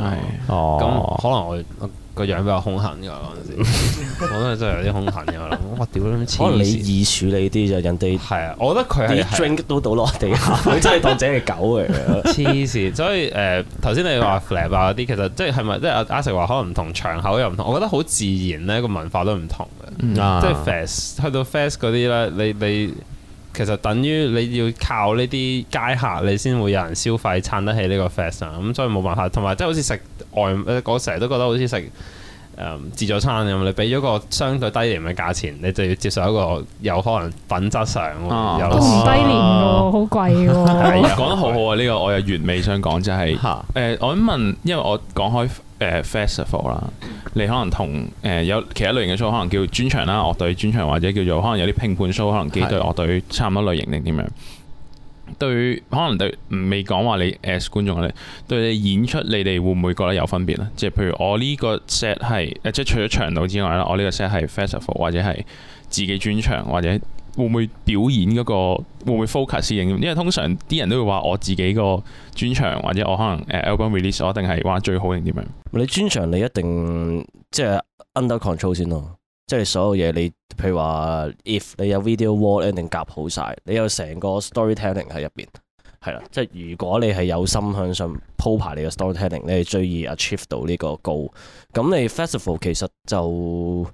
哦，咁可能我。個樣比較兇狠㗎，嗰陣時我覺得真係有啲兇狠㗎。我屌你易處理啲就人哋係啊，我覺得佢係 drink 都倒落地下，佢 真係當自己係狗嚟嘅。黐線！所以誒，頭、呃、先你話 flat 啊嗰啲，其實即係係咪即係阿阿成話可能唔同場口又唔同，我覺得好自然咧個文化都唔同嘅，嗯啊、即係 fast 去到 fast 嗰啲咧，你你。你其實等於你要靠呢啲街客，你先會有人消費撐得起呢個 fast 咁，所以冇辦法。同埋即係好似食外，我成日都覺得好似食、嗯、自助餐咁，你俾咗個相對低廉嘅價錢，你就要接受一個有可能品質上，啊，有率啊低廉喎，好貴喎。係啊，講得好好啊！呢、 呢個我又完美想講就係、是啊呃、我想問，因為我講開。誒、uh, festival 啦，你可能同誒、uh, 有其他類型嘅 show，可能叫專場啦，樂隊專場或者叫做可能有啲拼盤 show，可能幾隊樂隊差唔多類型定點樣？是的 對，可能對，未講話你 as 觀眾咧，對你演出，你哋會唔會覺得有分別呢？即係譬如我呢個 set 係即係除咗長度之外啦，我呢個 set 係 festival 或者係自己專場或者。會唔會表演嗰、嗰個會唔會 focus 型？因為通常啲人都會話我自己個專場或者我可能誒 album release 我一定係玩最好定點樣？你專場你一定即係 under control 先咯，即係所有嘢你，譬如話 if 你有 video wall 你一定夾好晒，你有成個 storytelling 喺入邊，係啦，即係如果你係有心向上鋪排你, storytelling, 你個 storytelling 咧，最易 achieve 到呢個高。咁你 festival 其實就～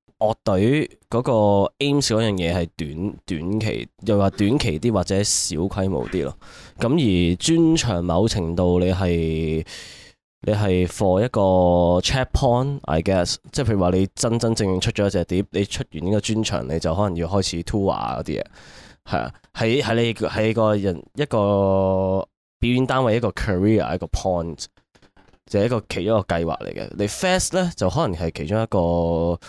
樂隊嗰個 aims 嗰樣嘢係短短期，又話短期啲或者小規模啲咯。咁而專場某程度你係你係 for 一個 checkpoint。I guess 即係譬如話你真真正正出咗一隻碟，你出完呢個專場你就可能要開始 tour 啊，嗰啲嘢係啊喺喺你喺個人一個表演單位一個 career 一個 point 就係一個其中一個計劃嚟嘅。你 fast 咧就可能係其中一個。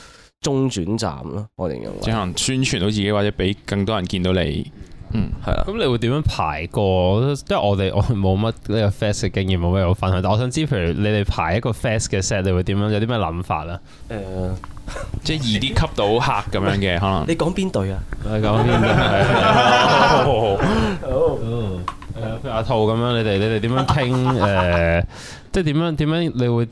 中轉站咯，我哋認為。即係宣傳到自己，或者俾更多人見到你。嗯，係啊。咁你會點樣排過？即係我哋我冇乜呢個 fast 嘅經驗，冇咩好分享。但我想知，譬如你哋排一個 fast 嘅 set，你會點樣？有啲咩諗法啊？誒、呃， 即係易啲吸到客咁樣嘅，喂可能。你講邊隊啊？我講邊隊譬如阿兔咁樣，你哋你哋點樣傾？誒、 呃，即係點樣點樣？樣樣樣樣你會？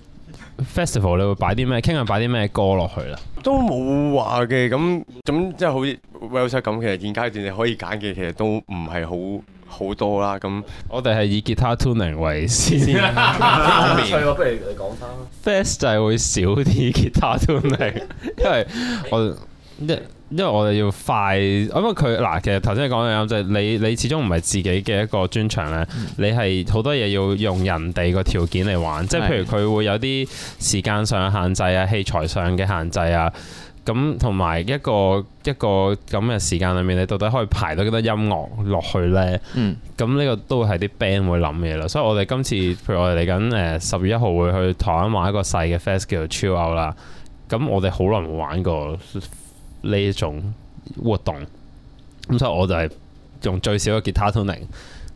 Festival 你會擺啲咩？傾下擺啲咩歌落去啦？都冇話嘅咁咁，即係好似 Wellsaid 咁。其實現階段你可以揀嘅，其實都唔係好好多啦。咁我哋係以吉他 tuning 為先，所以我不如你講返。Fest 就係會少啲吉他 tuning， 因為我，因為我哋要快，因為佢嗱，其實頭先你講嘅咁就係、你，你始終唔係自己嘅一個專長咧。嗯、你係好多嘢要用人哋個條件嚟玩，嗯、即係譬如佢會有啲時間上嘅限，限制啊、器材上嘅限制啊，咁同埋一個一個咁嘅時間裏面，你到底可以排到幾多音樂落去咧？咁呢、嗯、個都係啲 band 會諗嘅嘢啦。所以我哋今次，譬如我哋嚟緊誒十月一號會去台灣玩一個細嘅 fest 叫做 Chill Out 啦。咁我哋好耐冇玩過。呢一種活動，咁所以我就係用最少嘅吉他 tuning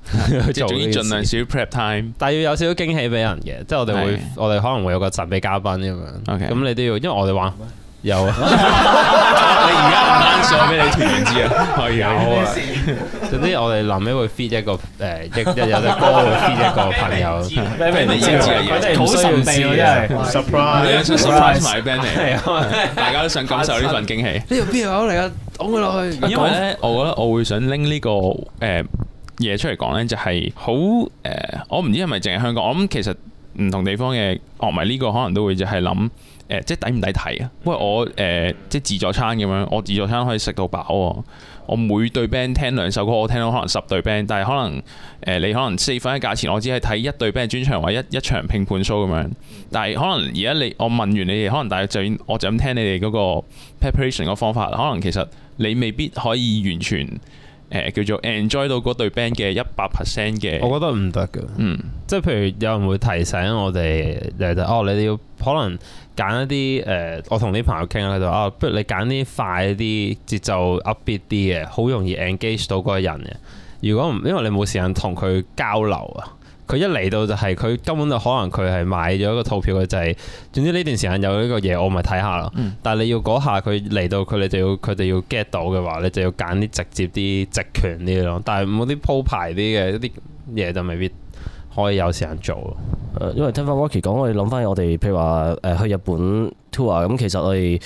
去做，盡量少 prep time，但要有少少驚喜俾人嘅，即係我哋會，的我哋可能會有個神秘嘉賓咁樣。咁 Okay. 你都要，因為我哋話。有啊！你而家唔翻上俾你團員知啊！係有啊！總之我哋諗咧會 fit 一個誒一一首歌 fit 一個朋友，你哋應知嘅嘢。好神秘啊！真係 surprise，surprise 埋 band 嚟，大家都想感受呢份驚喜。呢度邊口嚟啊？拱佢落去。因為咧，我覺得我會想拎呢個誒嘢出嚟講咧，就係好誒，我唔知係咪淨係香港，我諗其實唔同地方嘅樂迷呢個可能都會就係諗。誒即係抵唔抵睇啊？喂我誒、呃、即係自助餐咁樣，我自助餐可以食到飽喎，啊。我每對 band 聽兩首歌，我聽到可能十對 band，但係可能誒、呃、你可能四分一價錢，我只係睇一對 band 專場或者一一場拼盤 show 咁樣。但係可能而家你我問完你哋，可能大家就我就咁聽你哋嗰個 preparation 個方法，可能其實你未必可以完全誒、呃、叫做 enjoy 到嗰對 band 嘅一百 percent 嘅。我覺得唔得㗎，嗯，即係譬如有人會提醒我哋誒哦，你哋要可能。揀一啲誒、呃，我同啲朋友傾喺度啊，不如你揀啲快啲節奏 up 啲嘅，好容易 engage 到嗰個人嘅。如果唔因為你冇時間同佢交流啊，佢一嚟到就係、是、佢根本就可能佢係買咗一個套票嘅就係、是，總之呢段時間有呢個嘢我咪睇下咯。嗯、但係你要嗰下佢嚟到佢哋就要佢哋要 get 到嘅話，你就要揀啲直接啲、直拳啲咯。但係冇啲鋪排啲嘅一啲嘢就未必。可以有時間做，呃、因為聽翻 Rocky 講，我哋諗翻我哋，譬如話誒、呃、去日本 tour 啊，咁其實我哋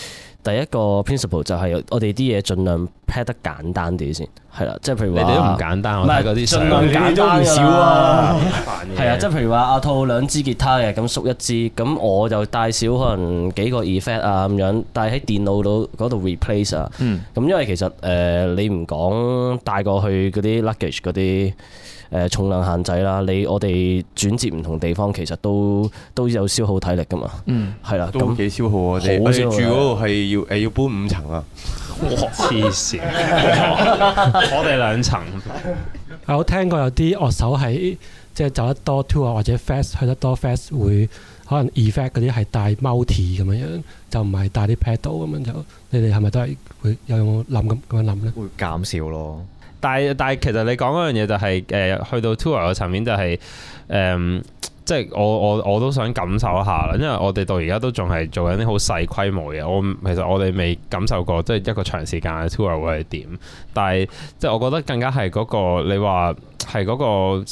第一個 principle 就係我哋啲嘢盡量 pad 得簡單啲先，係啦，即係譬如話，你哋都唔簡單，唔係嗰啲，盡量簡單㗎、啊。係啊，即係譬如話阿兔兩支吉他嘅，咁縮一支，咁我就帶少可能幾個 effect 啊咁樣，但係喺電腦度嗰度 replace 啊。咁、嗯、因為其實誒、呃、你唔講帶過去嗰啲 luggage 嗰啲。誒、呃、重量限制啦，你我哋轉接唔同地方，其實都都有消耗體力噶嘛。嗯，係啦，咁幾消耗，我哋消耗我哋啊！即係住嗰度係要誒、呃、要搬五層啊！哇，黐線！我哋兩層。係 我聽過有啲樂手係即係走得多 tour 啊，或者 fast 去得多 fast 會可能 effect 嗰啲係帶 multi 咁樣，就唔係帶啲 pedal 咁樣就。你哋係咪都係會有冇諗咁咁樣諗咧？會減少咯。 但係，但係其實你講嗰樣嘢就係誒，去到 tour 嘅層面就係誒，即係我我我都想感受一下啦，因為我哋到而家都仲係做緊啲好細規模嘅。我其實我哋未感受過即係一個長時間嘅 tour 會係點。但係即係我覺得更加係嗰個你話係嗰個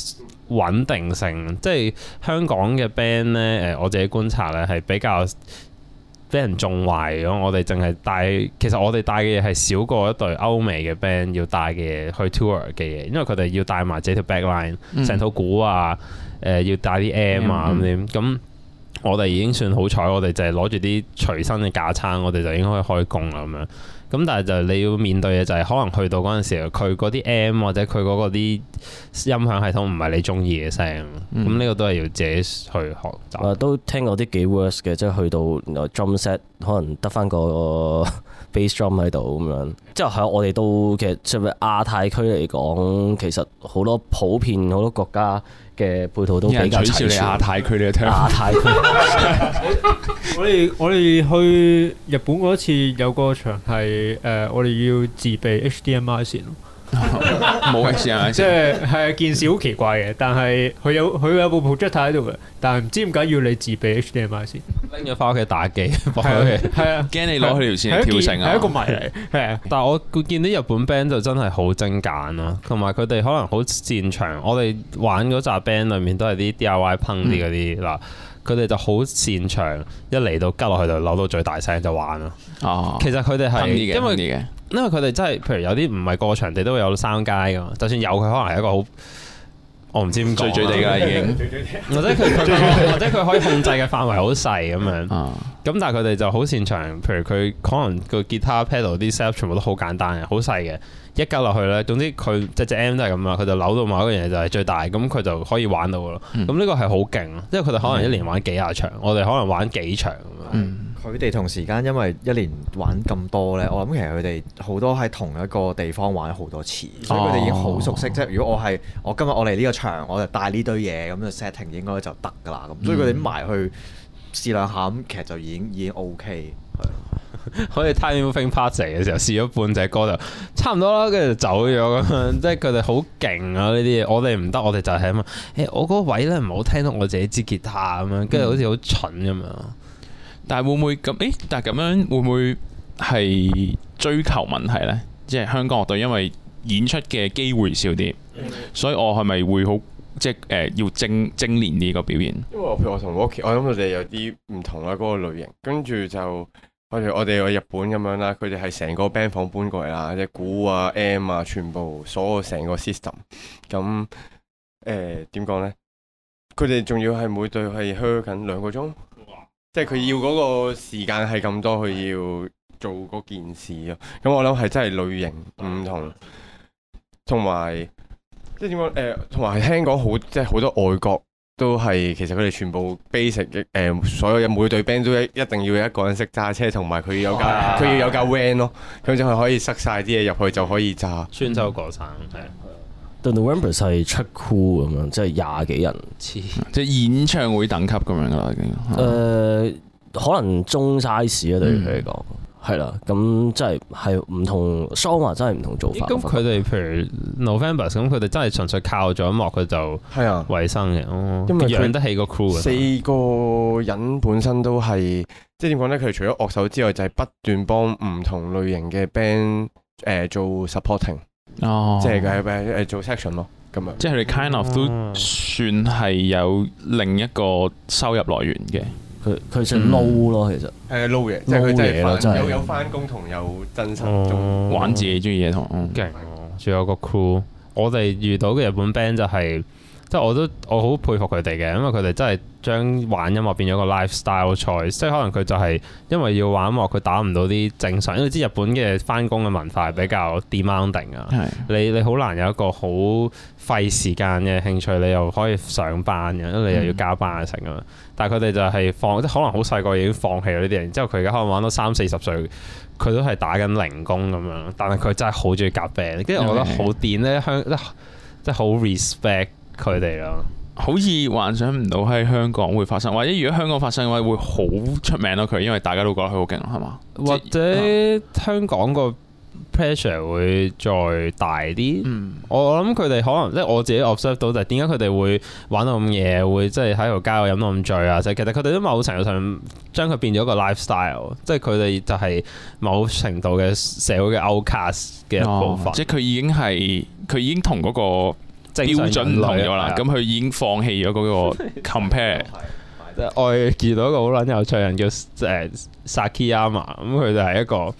穩定性，即係香港嘅 band 咧誒，我自己觀察咧係比較，俾人縱壞咗，我哋淨係帶，其實我哋帶嘅嘢係少過一隊歐美嘅 band 要帶嘅嘢去 tour 嘅嘢，因為佢哋要帶埋、嗯、整條 backline，成套鼓啊，誒、呃、要帶啲 m 啊咁點，咁、嗯嗯、我哋已經算好彩，我哋就係攞住啲隨身嘅架撐，我哋就應該可以開工啦咁樣。咁但係就你要面對嘅就係可能去到嗰陣時候，佢嗰啲 M 或者佢嗰個啲音響系統唔係你中意嘅聲，咁呢、嗯、個都係要自己去學習。我、嗯、都聽過啲幾 worse 嘅，即、就、係、是、去到 drum set 可能得返個 bass drum 喺度咁樣。即係喺我哋都其實作為亞太區嚟講，其實好多普遍好多國家。嘅配套都比較齊，你亞太區去聽亞太區。我哋我哋去日本嗰次有個場係誒，我哋要自備 HDMI 先。冇 事啊，即係係件事好奇怪嘅，但係佢有佢有部 project 喺度嘅，但係唔知點解要你自備 H D M I 先。拎咗返屋企打機，係啊，驚你攞佢條線跳繩啊，係一個謎嚟，係啊， 但係我見到日本 band 就真係好精簡啊，同埋佢哋可能好擅長，我哋玩嗰扎 band 裏面都係啲 D I Y Punk 啲嗰啲嗱。嗯佢哋就好擅長，一嚟到吉落去就扭到最大聲就玩囉。哦、啊，其實佢哋係因為因為佢哋真係，譬如有啲唔係個場地都會有三階㗎嘛。就算有，佢可能係一個好，我唔知點講，最最地噶已經，或者佢，或者佢可以控制嘅範圍好細咁樣。啊，咁但係佢哋就好擅長，譬如佢可能個吉他 pedal 啲 set 全部都好簡單嘅，好細嘅。一交落去咧，總之佢隻隻 M 都係咁啦，佢就扭到埋嗰樣嘢就係最大，咁佢就可以玩到咯。咁呢、嗯、個係好勁，因為佢哋可能一年玩幾廿場，嗯、我哋可能玩幾場。佢哋、嗯、同時間因為一年玩咁多咧，嗯、我諗其實佢哋好多喺同一個地方玩好多次，所以佢哋已經好熟悉。即係、哦、如果我係我今日我嚟呢個場，我就帶呢堆嘢咁就 setting 應該就得㗎啦。咁、嗯、所以佢哋埋去試兩下咁，其實就已經已經 OK 係。好似 Tiny Fing Party 嘅時候試咗半隻歌就差唔多啦，跟住就走咗咁、啊、樣，即係佢哋好勁啊，呢啲嘢，我哋唔得，我哋就係啊嘛，誒我嗰位咧唔好聽到我自己支吉他咁樣，跟住好似好蠢咁樣。但係會唔會咁？誒，但係咁樣會唔會係追求問題咧？即、就、係、是、香港樂隊因為演出嘅機會少啲，嗯、所以我係咪會好即係誒、呃、要精精煉啲、呢個表演？因為譬如我，y，我同 Rocky，我諗佢哋有啲唔同啦，嗰個類型，跟住就。我哋我哋去日本咁樣啦，佢哋係成個 band 房搬過嚟啦，即係鼓啊、M 啊，全部所有成個 system。咁誒，點講咧？佢哋仲要係每隊係 hack 緊兩個鐘，即係佢要嗰個時間係咁多，佢要做嗰件事啊。咁我諗係真係類型唔同，同埋即係點講？誒，同埋聽講好即係好多外國。都係，其實佢哋全部 basic 嘅，誒、呃，所有嘅每隊 band 都一一定要有一個人識揸車，同埋佢要有架佢哇 要有架 van 咯，咁就係可以塞晒啲嘢入去就可以揸。穿州過省係啊，嗯、到 November 細出庫咁樣，即係廿幾人次，即、就、係、是、演唱會等級咁樣噶啦已經。誒，可能中 size 啦，對於佢嚟講。嗯係啦，咁即係係唔同，s 桑華真係唔同做法。咁佢哋譬如 November 咁，佢哋真係純粹靠咗幕佢就係啊維生嘅，哦、因為養得起個 crew。四個人本身都係、嗯、即係點講咧？佢哋除咗樂手之外，就係不斷幫唔同類型嘅 band 誒、呃、做 supporting，、哦、即係佢係咪誒做 section 咯？咁樣、嗯，即係佢哋 kind of 都算係有另一個收入來源嘅。佢佢想撈咯，low 嗯、其實係撈嘢，即係佢真係是有有返工同又真中、嗯、玩自己中意嘢同勁，仲有個 cool、嗯。我哋遇到嘅日本 band 就係、是。即我都我好佩服佢哋嘅，因為佢哋真係將玩音樂變咗個 lifestyle choice，即係可能佢就係因為要玩音樂，佢打唔到啲正常。因為你知日本嘅返工嘅文化係比較 demanding 啊的，你你好難有一個好費時間嘅興趣，你又可以上班嘅，因為你又要加班啊。成啊、嗯。但係佢哋就係放，即可能好細個已經放棄咗呢啲人，之後佢而家可能玩到三四十歲，佢都係打緊零工咁樣。但係佢真係好中意夾 band，跟住我覺得好癲咧，香即係好 respect。Okay. 佢哋咯，好似幻想唔到喺香港會發生，或者如果香港發生嘅話，會好出名咯、啊。佢因為大家都覺得佢好勁，係嘛？或者、嗯、香港個 pressure 會再大啲。嗯、我諗佢哋可能即係我自己 observe 到，就係點解佢哋會玩到咁夜，會即係喺度交友飲到咁醉啊！就其實佢哋都某程度上將佢變咗一個 lifestyle，即係佢哋就係某程度嘅社會嘅 outcast 嘅一部分，哦、即係佢已經係佢已經同嗰、嗰個。標準唔同咗啦，咁佢已經放棄咗嗰個 compare。 我見到一個好撚有趣人叫誒 Sakiyama，咁佢就係一個。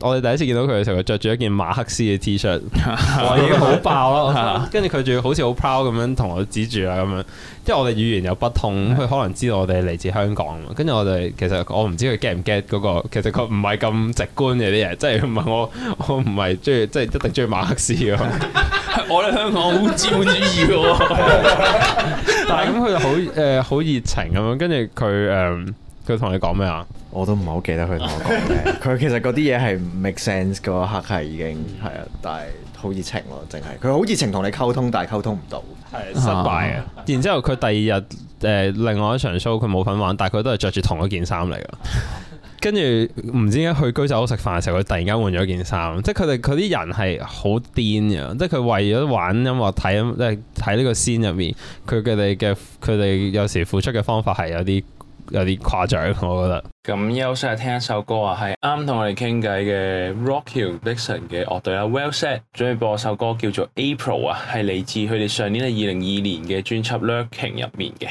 我哋第一次見到佢嘅時候，著住一件馬克思嘅 T 恤，已經好爆咯。 啊、跟住佢仲要好似好 proud 咁樣同我指住啊咁樣，即係我哋語言又不通，佢可能知道我哋嚟自香港。跟住我哋其實我唔知佢 get 唔 get 嗰個，其實佢唔係咁直觀嘅啲嘢，即係唔係我我唔係鍾意，即係一定鍾意馬克思嘅。我哋香港好資本主義嘅，但係咁佢就好誒好熱情咁樣。跟住佢誒，佢、嗯、同你講咩啊？我都唔係好記得佢同我講咩，佢 其實嗰啲嘢係唔 make sense 嗰刻係已經係啊，但係好熱情咯，淨係佢好熱情同你溝通，但係溝通唔到，係失敗啊。 然之後佢第二日誒、呃、另外一場 show 佢冇份玩，但係佢都係着住同一件衫嚟㗎。跟住唔知點解去居酒屋食飯嘅時候，佢突然間換咗一件衫，即係佢哋佢啲人係好癲啊。即係佢為咗玩音樂睇即係睇呢個 scene 入面，佢佢哋嘅佢哋有時付出嘅方法係有啲。有啲誇張，我覺得。咁休息下，聽一首歌啊，係啱同我哋傾偈嘅 Rocky、Dixon 嘅樂隊啊，Wellsaid，準備播首歌叫做 April 啊，係嚟自佢哋上年嘅二零二二年嘅專輯 Lurking 入面嘅。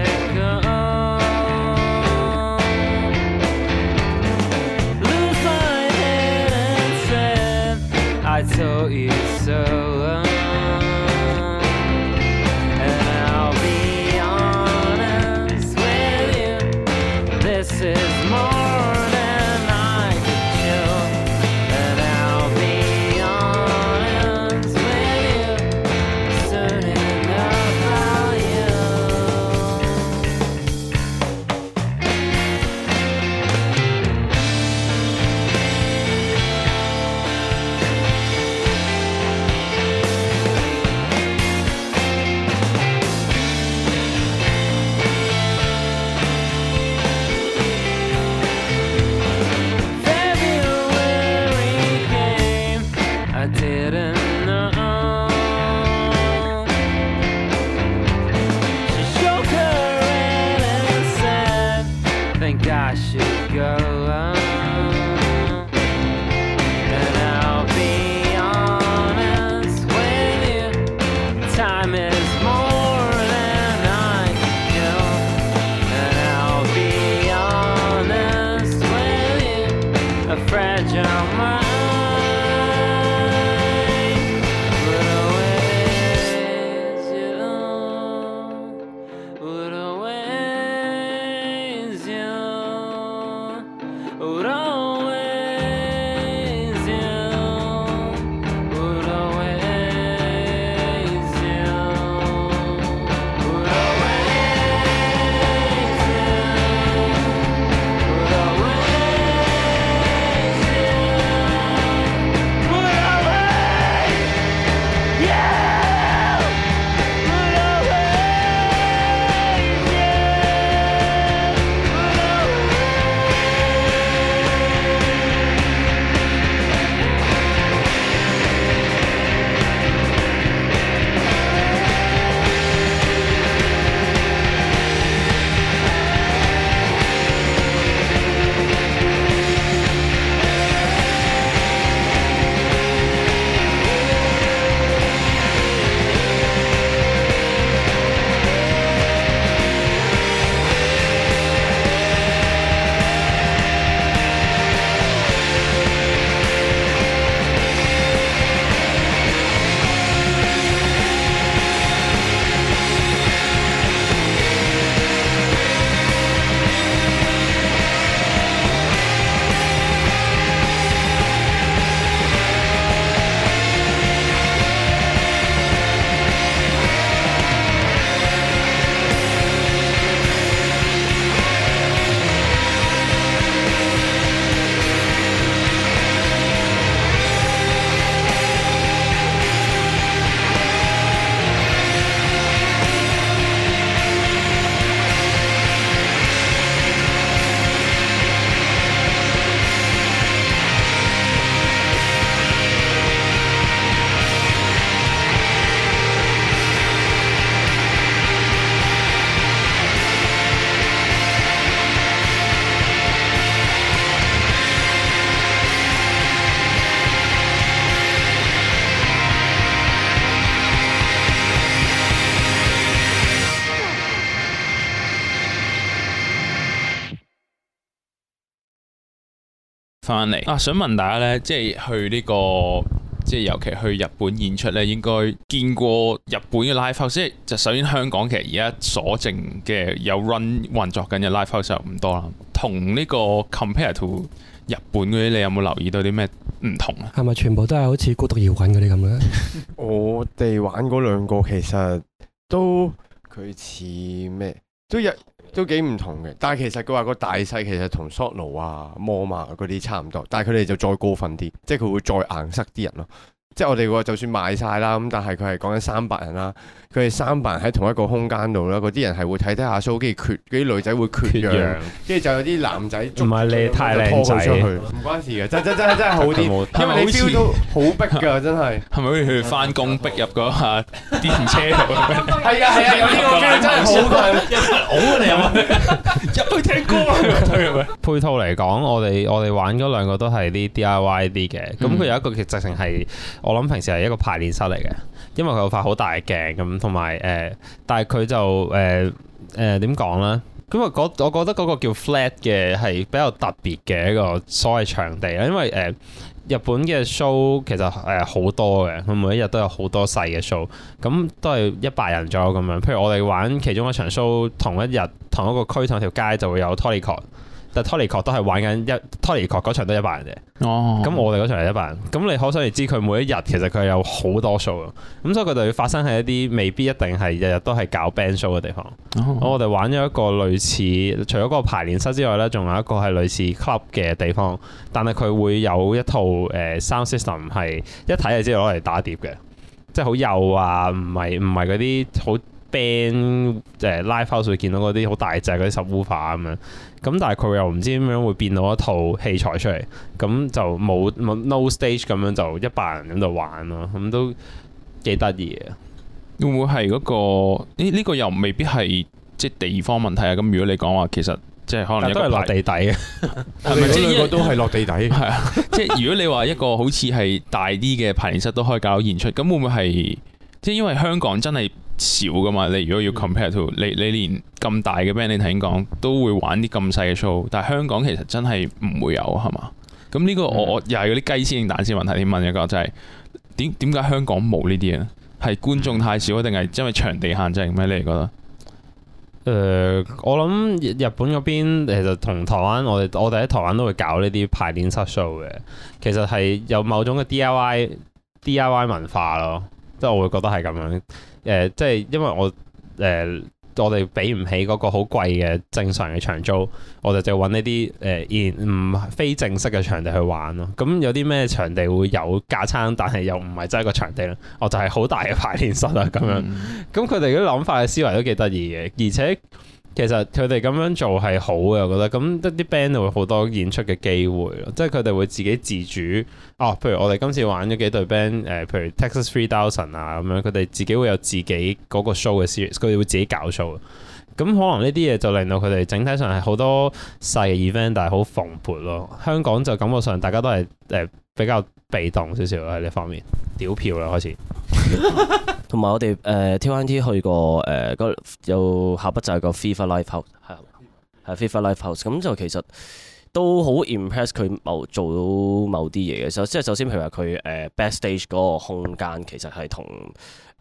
翻嚟啊！想問大家咧，即係去呢個，即係尤其去日本演出咧，應該見過日本嘅 live house。即係就首先香港其實而家所剩嘅有 run 運作緊嘅 live house 唔多啦。同呢個 compare to 日本嗰啲，你有冇留意到啲咩唔同啊？係咪全部都係好似孤獨搖滾嗰啲咁樣咧？ 我哋玩嗰兩個其實都佢似咩？即係。都幾唔同嘅，但係其實佢話個大細其實同 Solo 啊、MoMA 嗰啲差唔多，但係佢哋就再過分啲，即係佢會再硬塞啲人咯。即係我哋就算賣晒啦咁，但係佢係講緊三百人啦，佢係三百人喺同一個空間度啦，嗰啲人係會睇得下 show，缺嗰啲女仔會缺氧，跟住羊就有啲男仔捉唔係你太靚仔，唔關事嘅，真是是真真真係好啲，啊啊欸、因為你 feel 都好逼噶，真係係咪去翻工逼入下電車度？係啊係啊，有呢個真係好嘅，入去聽歌啊，去聽歌去去 配套嚟講，我哋我哋玩嗰兩個都係啲 D I Y 啲嘅，咁佢有一個其實成係。 我諗平時係一個排練室嚟嘅，因為佢有塊好大嘅鏡咁，同埋誒，但係佢就誒誒點講呢？因為我，我覺得嗰個叫 flat 嘅係比較特別嘅一個所謂場地啦。因為誒、呃、日本嘅 show 其實誒好、呃、多嘅，佢每一日都有好多細嘅 show，咁都係一百人左右咁樣。譬如我哋玩其中一場 show，同一日同一個區同條街就會有 Toryco。但 Tony Cole 都係玩緊一 Tony Cole 嗰場都一百人嘅，咁、哦、我哋嗰場係一百人。咁你可想而知佢每一日其實佢有好多 show，咁所以佢哋會發生喺一啲未必一定係日日都係搞 band show 嘅地方。哦、我哋玩咗一個類似，除咗個排練室之外呢，仲有一個係類似 club 嘅地方，但係佢會有一套誒 sound system 係一睇就知攞嚟打碟嘅，即係好幼啊，唔係唔係嗰啲好 band 即係 livehouse 會見到嗰啲好大隻嗰啲十烏化咁樣，咁但係佢又唔知點樣會變到一套器材出嚟，咁就冇冇 no stage 咁樣就一百人喺度玩咯，咁都幾得意嘅，會唔會係嗰、嗰個？呢呢、呢個又未必係即係地方問題啊！咁如果你講話其實即係可能都係落地底嘅，係咪？ 兩個都係落地底係啊！即係 如果你話一個好似係大啲嘅排練室都可以搞到演出，咁會唔會係即係因為香港真係？少㗎嘛？你如果要 compare to 你，你連咁大嘅 band，你頭先講都會玩啲咁細嘅 show，但係香港其實真係唔會有係嘛？咁呢個我、嗯、我又係嗰啲雞先定蛋先問題？你問一個就係點點解香港冇呢啲啊？係觀眾太少啊，定係因為場地限制咩？你哋覺得？誒、呃，我諗日本嗰邊其實同台灣，我哋我哋喺台灣都會搞呢啲排練室 show 嘅，其實係有某種嘅 DIY DIY 文化咯，即係我會覺得係咁樣。誒、呃，即係因為我誒、呃，我哋畀唔起嗰個好貴嘅正常嘅場租，我哋就揾呢啲誒，而、呃、唔、呃、非正式嘅場地去玩咯。咁有啲咩場地會有架撐，但係又唔係真係個場地咧？我就係好大嘅排練室啊，咁樣。咁佢哋啲諗法嘅思維都幾得意嘅，而且。其實佢哋咁樣做係好嘅，我覺得。咁一啲 band 會好多演出嘅機會，即係佢哋會自己自主。哦、啊，譬如我哋今次玩咗幾隊 band，誒，譬如 Texas Three Thousand 啊咁樣，佢哋自己會有自己嗰個 show 嘅 series，佢哋會自己搞 show。咁、嗯、可能呢啲嘢就令到佢哋整體上係好多細嘅 event，但係好蓬勃咯。香港就感覺上大家都係誒比較被動少少喺呢方面。屌票啦，開始。同埋 我哋誒、呃、TYNT 去過誒度，有、呃那個、下北就係個 Fever Live House，係係 Fever Live House。咁就其實都好 impress 佢某做到某啲嘢嘅時候，即係首先譬如話佢誒、呃呃、backstage 嗰個空間其實係同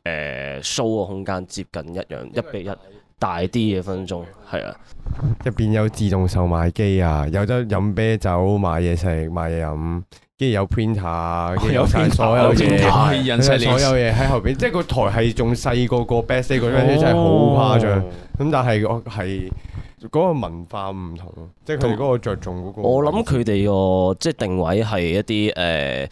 誒 show 嘅空間接近一樣一比一。大啲嘅分鐘，係啊，入邊有自動售賣機啊，有得飲啤酒、買嘢食、買嘢飲，跟住有 printer，、哦、有晒 print、er, 所有嘢，即係 print、er, 所有嘢喺後邊， 即係個台係仲細過個 best，嗰間真係好誇張。咁但係我係嗰個文化唔同，哦、即係佢嗰個著重嗰個。我諗佢哋個即係定位係一啲誒。呃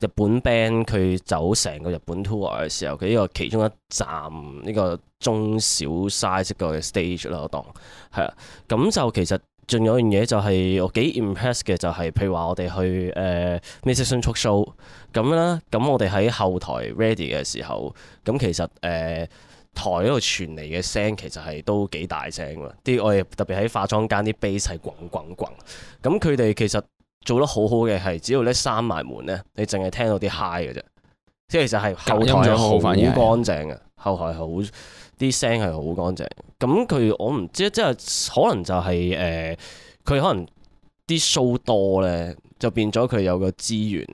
日本 band 佢走成個日本 tour 嘅時候，佢呢個其中一站呢、這個中小 size 個 stage 啦，當係啊，咁就其實仲有樣嘢就係我幾 impress 嘅，就係譬如話我哋去誒 mission trip show 咁啦，咁我哋喺後台 ready 嘅時候，咁其實誒、呃、台度傳嚟嘅聲其實係都幾大聲㗎，啲我哋特別喺化妝間啲 base 係滾滾滾，咁佢哋其實。做得好好嘅係，只要咧閂埋門咧，你淨係聽到啲 high 嘅啫，即係其實係後台好乾淨嘅，後台好啲聲係好乾淨。咁佢我唔知，即係可能就係、是、誒，佢、呃、可能啲 show 多咧，就變咗佢有個資源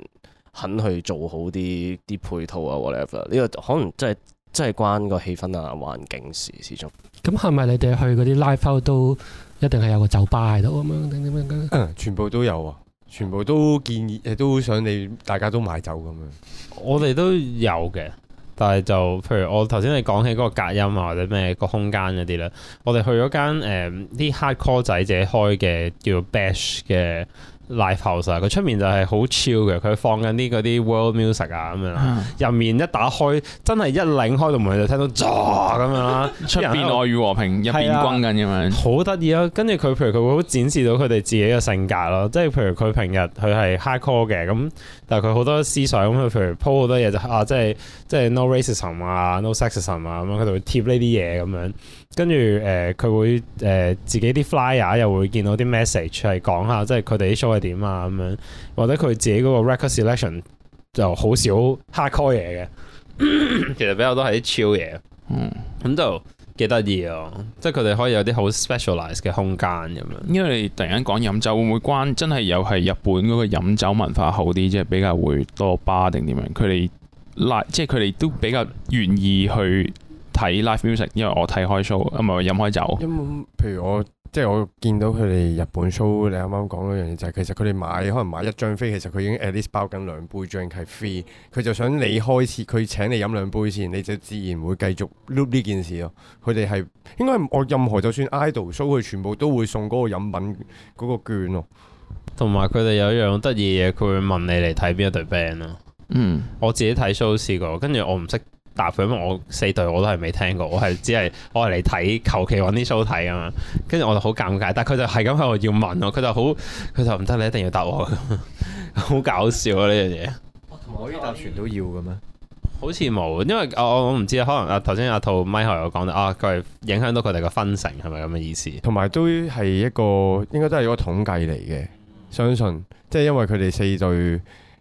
肯去做好啲啲配套啊 whatever。呢個可能真係真係關個氣氛啊環境事始終。咁係咪你哋去嗰啲 live show 都一定係有個酒吧喺度咁樣嗯，全部都有啊。全部都建議誒，都想你大家都買走咁樣。我哋都有嘅，但係就譬如我頭先你講起嗰個隔音啊，或者咩個空間嗰啲咧，我哋去咗間誒啲、嗯、hardcore 仔自己開嘅，叫 Bash 嘅。live house 佢出面就係好 chill 嘅，佢放緊啲嗰啲 world music 啊咁樣，入、嗯、面一打開真係一擰開道門就聽到咁樣，出邊 愛與和平，入邊轟緊咁樣，好得意咯。跟住佢譬如佢會好展示到佢哋自己嘅性格咯，即係譬如佢平日佢係 hardcore 嘅咁，但係佢好多思想咁，佢譬如鋪好多嘢就啊，即係即係 no racism 啊，no sexism 啊咁樣，佢就會貼呢啲嘢咁樣。跟住誒，佢、呃、會誒、呃、自己啲 flyer 又會見到啲 message 係講下，即係佢哋啲 show 係點啊咁樣，或者佢自己嗰個 record selection 就好少 hardcore 嘢嘅，其實比較多係啲 chill 嘢。嗯，咁就幾得意哦，即係佢哋可以有啲好 specialized 嘅空間咁樣。因為你突然間講飲酒，會唔會關真係又係日本嗰個飲酒文化好啲，即係比較會多 bar，定點樣？佢哋拉，即係佢哋都比較願意去，睇 live music，因為我睇開 show，唔係我飲開酒。咁譬、嗯、如我即係我見到佢哋日本 show，你啱啱講嗰樣嘢就係、是、其實佢哋買可能買一張飛，其實佢已經 at least 包緊兩杯，仲係 free。佢就想你開始，佢請你飲兩杯先，你就自然會繼續 loop 呢件事咯。佢哋係應該我任何就算 idol show，佢全部都會送嗰個飲品嗰、那個券咯。同埋佢哋有一樣得意嘢，佢會問你嚟睇邊一隊 band 咯、啊。嗯，我自己睇 show 試過，跟住我唔識。答佢，因為我四隊我都係未聽過，我係只係我係嚟睇求其揾啲 show 睇啊嘛，跟住我就好尷尬，但係佢就係咁，喺度要問我，佢就好，佢就唔得，你一定要答我，好 搞笑啊呢樣嘢。我同我啲答全都要嘅咩？好似冇，因為、哦、我我唔知啊，可能啊頭先阿兔 Mike 有講到啊，佢係影響到佢哋個分成係咪咁嘅意思？同埋都係一個應該都係一個統計嚟嘅，相信即係因為佢哋四隊。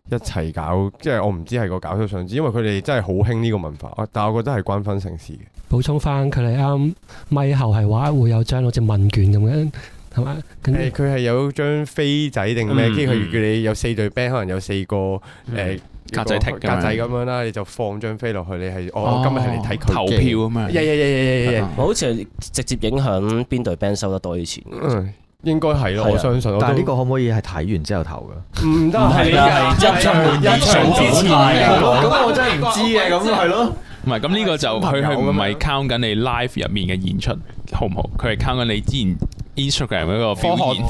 一齊搞，即係我唔知係個搞笑上司，因為佢哋真係好興呢個文化，但係我覺得係關分城市嘅。補充翻，佢哋啱咪後係話會有張好似問卷咁樣係嘛？佢係、欸、有張飛仔定咩？跟住佢叫你有四隊 band，可能有四個誒、欸、格仔踢格仔咁樣啦，你就放張飛落去，你係哦，哦今日係你睇、啊、投票啊嘛氣？呀呀呀呀呀呀，唔好似直接影響邊隊 band 收得多啲錢。嗯嗯應該係咯，的我相信我。但係呢個可唔可以係睇完之後投㗎？唔得，唔係 的一出象印象之詞嘅。咁的我真係唔知嘅咁。係咯，唔係咁呢個就佢係唔係 count 緊你 live 入面嘅演出好唔好？佢係 count 緊你之前。Instagram 嗰個表現，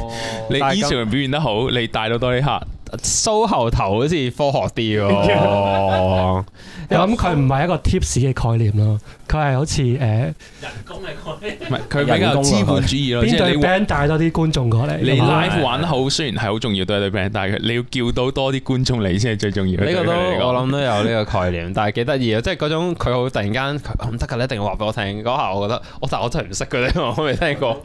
你 Instagram 表現得好，你帶到多啲客，收後頭好似科學啲喎。我諗佢唔係一個 tips 嘅概念咯，佢係好似誒人工嘅概念。唔係，佢比較資本主義咯。邊隊 band 帶多啲觀眾過嚟，你 live 玩得好，雖然係好重要對隊 band，但係你要叫到多啲觀眾嚟先係最重要。呢個都我諗都有呢個概念，但係幾得意啊！即係嗰種佢好突然間唔得㗎，你一定要話俾我聽嗰下，我覺得我但我真係唔識佢咧，我未聽過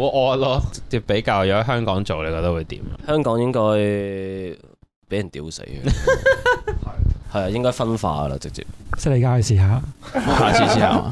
我安咯，要比較咗香港做，你覺得會點？香港應該俾人屌死嘅，啊， 應該分化啦，直接。即你家去試下，下次試下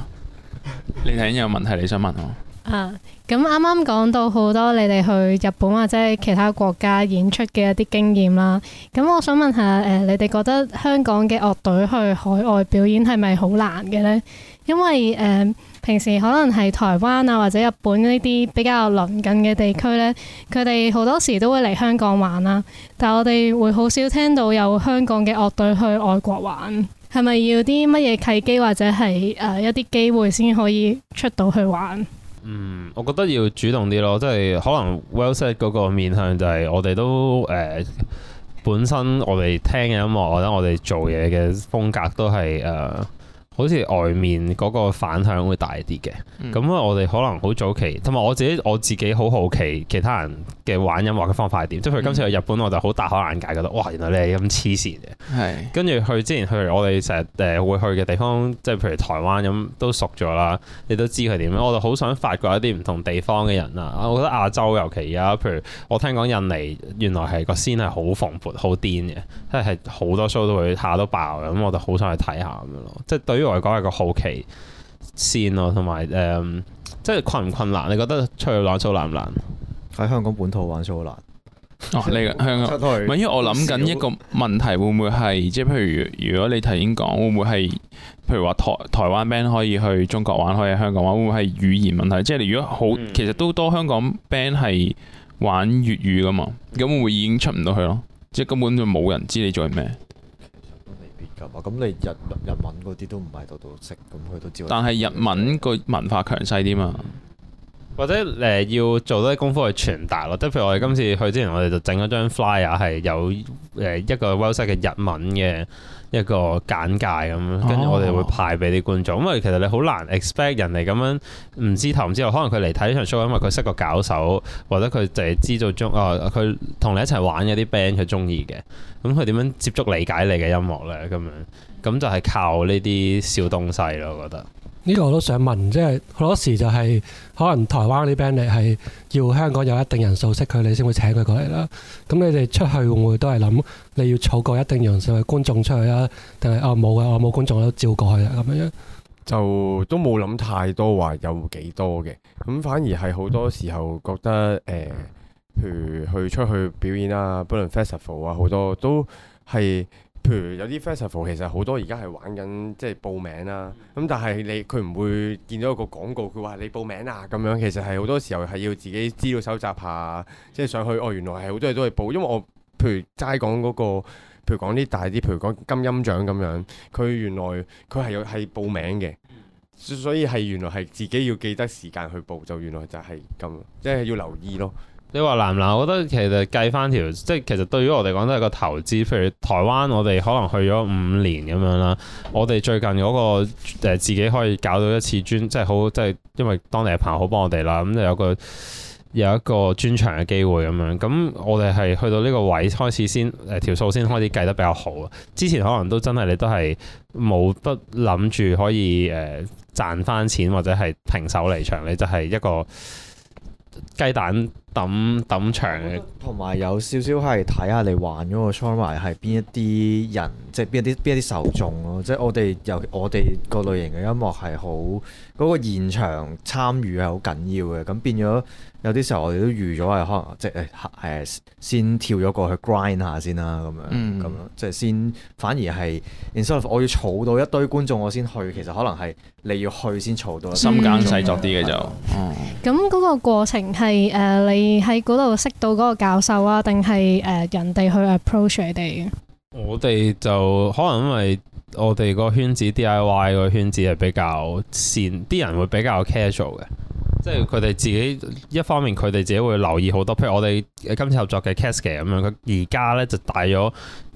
你睇有問題，你想問我？啊，咁啱啱講到好多你哋去日本或者係其他國家演出嘅一啲經驗啦。咁我想問下，誒、呃，你哋覺得香港嘅樂隊去海外表演係咪好難嘅呢？因為誒。呃平時可能係台灣啊，或者日本呢啲比較鄰近嘅地區呢，佢哋好多時都會嚟香港玩啦、啊。但係我哋會好少聽到有香港嘅樂隊去外國玩，係咪要啲乜嘢契機或者係誒、呃、一啲機會先可以出到去玩？嗯，我覺得要主動啲咯，即係可能 Wellsaid 嗰個面向就係我哋都誒、呃、本身我哋聽嘅音樂，我覺得我哋做嘢嘅風格都係誒。呃好似外面嗰個反響會大啲嘅，咁、嗯、我哋可能好早期，同埋我自己我自己好好奇其他人嘅玩音樂嘅方法係點，即係、嗯、譬如今次去日本我就好大開眼界，覺得哇，原來你係咁黐線嘅，係是跟住去之前去我哋成日誒會去嘅地方，即係譬如台灣，咁都熟咗啦，你都知佢點樣，我就好想發掘一啲唔同地方嘅人啊！嗯、我覺得亞洲尤其而家，譬如我聽講印尼原來係個 scene 係好蓬勃好癲嘅，即係好多 show 都會下都爆，咁我就好想去睇下咁樣咯，即係對於。嚟講係個好奇先咯，同埋誒，即係困唔困難？你覺得出去玩 show 難唔難？喺香港本土玩 show 難。 哦，你 香港，唔係因為我諗緊一個問題會會，會唔會係即係譬如，如果你頭先講，會唔會係譬如話台台灣 band 可以去中國玩，可以喺香港玩，會唔會係語言問題？即係如果好，嗯、其實都多香港 band 係玩粵語噶嘛，咁會唔會已經出唔到去咯？即係根本就冇人知你做緊咩？咁，你日日日文嗰啲都唔係度度識，咁佢都知。但係日文個文化強勢啲嘛？嗯、或者誒、呃，要做多啲功夫去傳達咯。即譬如我哋今次去之前，我哋就整咗張 flyer 係有誒一個 website、Wellsaid、嘅日文嘅。嗯嗯一個簡介咁樣，跟住我哋會派俾啲觀眾。哦、因為其實你好難 expect 人哋咁樣唔知頭唔知尾，可能佢嚟睇呢場 show，因為佢識個搞手，或者佢淨係知道中哦，佢同你一齊玩嗰啲 band 佢中意嘅。咁佢點樣接觸理解你嘅音樂呢？咁樣咁就係靠呢啲小東西咯，我覺得。呢個我都想問，即係好多時就係、是、可能台灣嗰啲 band 嚟，係要香港有一定人數識佢你先會請佢過嚟啦。咁你哋出去會唔會都係諗你要儲夠一定人數嘅觀眾出去啊？定係啊冇嘅，我、哦、冇、哦、觀眾都照過去啊咁樣。樣樣就都冇諗太多話有幾多嘅，咁反而係好多時候覺得誒、呃，譬如去出去表演， 表演啊，不論 festival 啊，好多都係。譬如有啲 festival 其實好多而家係玩緊即係報名啦、啊，咁但係你佢唔會見到一個廣告，佢話你報名啊咁樣，其實係好多時候係要自己資料搜集下，即係上去哦，原來係好多嘢都係報，因為我譬如齋講嗰個，譬如講啲大啲，譬如講金音獎咁樣，佢原來佢係有係報名嘅，所以係原來係自己要記得時間去報，就原來就係咁，即係要留意咯。你話難唔難？我覺得其實計翻條，即係其實對於我嚟講都係個投資。譬如台灣，我哋可能去咗五年咁樣啦。我哋最近嗰、那個、呃、自己可以搞到一次專，即係好，即係因為當地嘅朋友好幫我哋啦。咁、嗯、就有個有一個專場嘅機會咁樣。咁我哋係去到呢個位開始先誒、呃、條數先開始計得比較好啊。之前可能都真係你都係冇得諗住可以誒、呃、賺翻錢或者係平手離場，你就係一個。雞蛋揼揼場嘅，同埋有少少係睇下你玩嗰個 show 埋係邊一啲人，即係邊一啲邊一啲受眾咯。即係我哋，尤其我哋個類型嘅音樂係好，嗰個現場參與係好緊要嘅，咁變咗。有啲時候我哋都預咗係可能即係誒先跳咗過去 grind 下先啦，咁樣咁樣、嗯、即係先反而係 insult 我要儲到一堆觀眾我先去，其實可能係你要去先儲到。心間細作啲嘅就。咁嗰個過程係誒、呃、你喺嗰度識到嗰個教授啊，定係誒人哋去 approach 你哋？我哋就可能因為我哋個圈子 DIY 個圈子係比較善，啲人會比較 casual 嘅。即係佢哋自己一方面，佢哋自己會留意好多，譬如我哋今次合作嘅 Cask 咁樣，佢而家咧就大咗。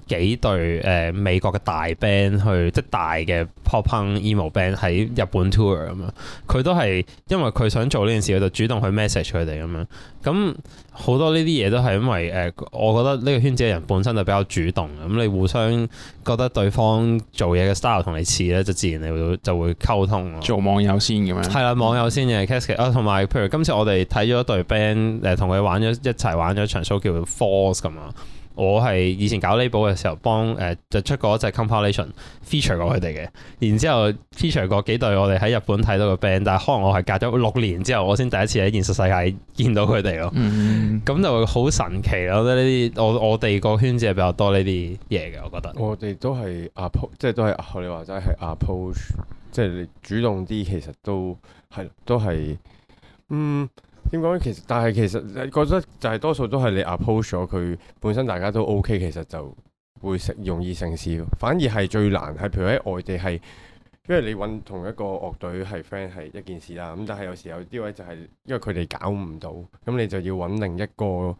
幾隊誒、呃、美國嘅大 band 去即係大嘅 pop punk emo band 喺日本 tour 咁樣，佢都係因為佢想做呢件事，佢就主動去 message 佢哋咁樣。咁好多呢啲嘢都係因為誒、呃，我覺得呢個圈子嘅人本身就比較主動。咁你互相覺得對方做嘢嘅 style 同你似咧，就自然你會就會溝通。做網友先咁樣？係啦，網友先嘅 casual 啊，同埋譬如今次我哋睇咗一隊 band 誒，同佢玩咗一齊玩咗場 show 叫做 Force 咁啊。我係以前搞呢部嘅時候幫，幫誒就出過一隻 compilation feature 過佢哋嘅，然之後 feature 過幾對我哋喺日本睇到個 band，但係可能我係隔咗六年之後，我先第一次喺現實世界見到佢哋咯。咁、嗯、就好神奇咯！我覺得呢啲我我哋個圈子係比較多呢啲嘢嘅，我覺得。我哋都係 a 即係都係學你話齋係 approach 即係你主動啲，其實都係都係嗯。點講咧？其實，但係其實你覺得就係多數都係你 approach 咗佢，本身大家都 OK，其實就會容易成事。反而係最難係，譬如喺外地係，因為你揾同一個樂隊係 friend 係一件事啦。咁但係有時有啲位就係、是、因為佢哋搞唔到，咁你就要揾另一個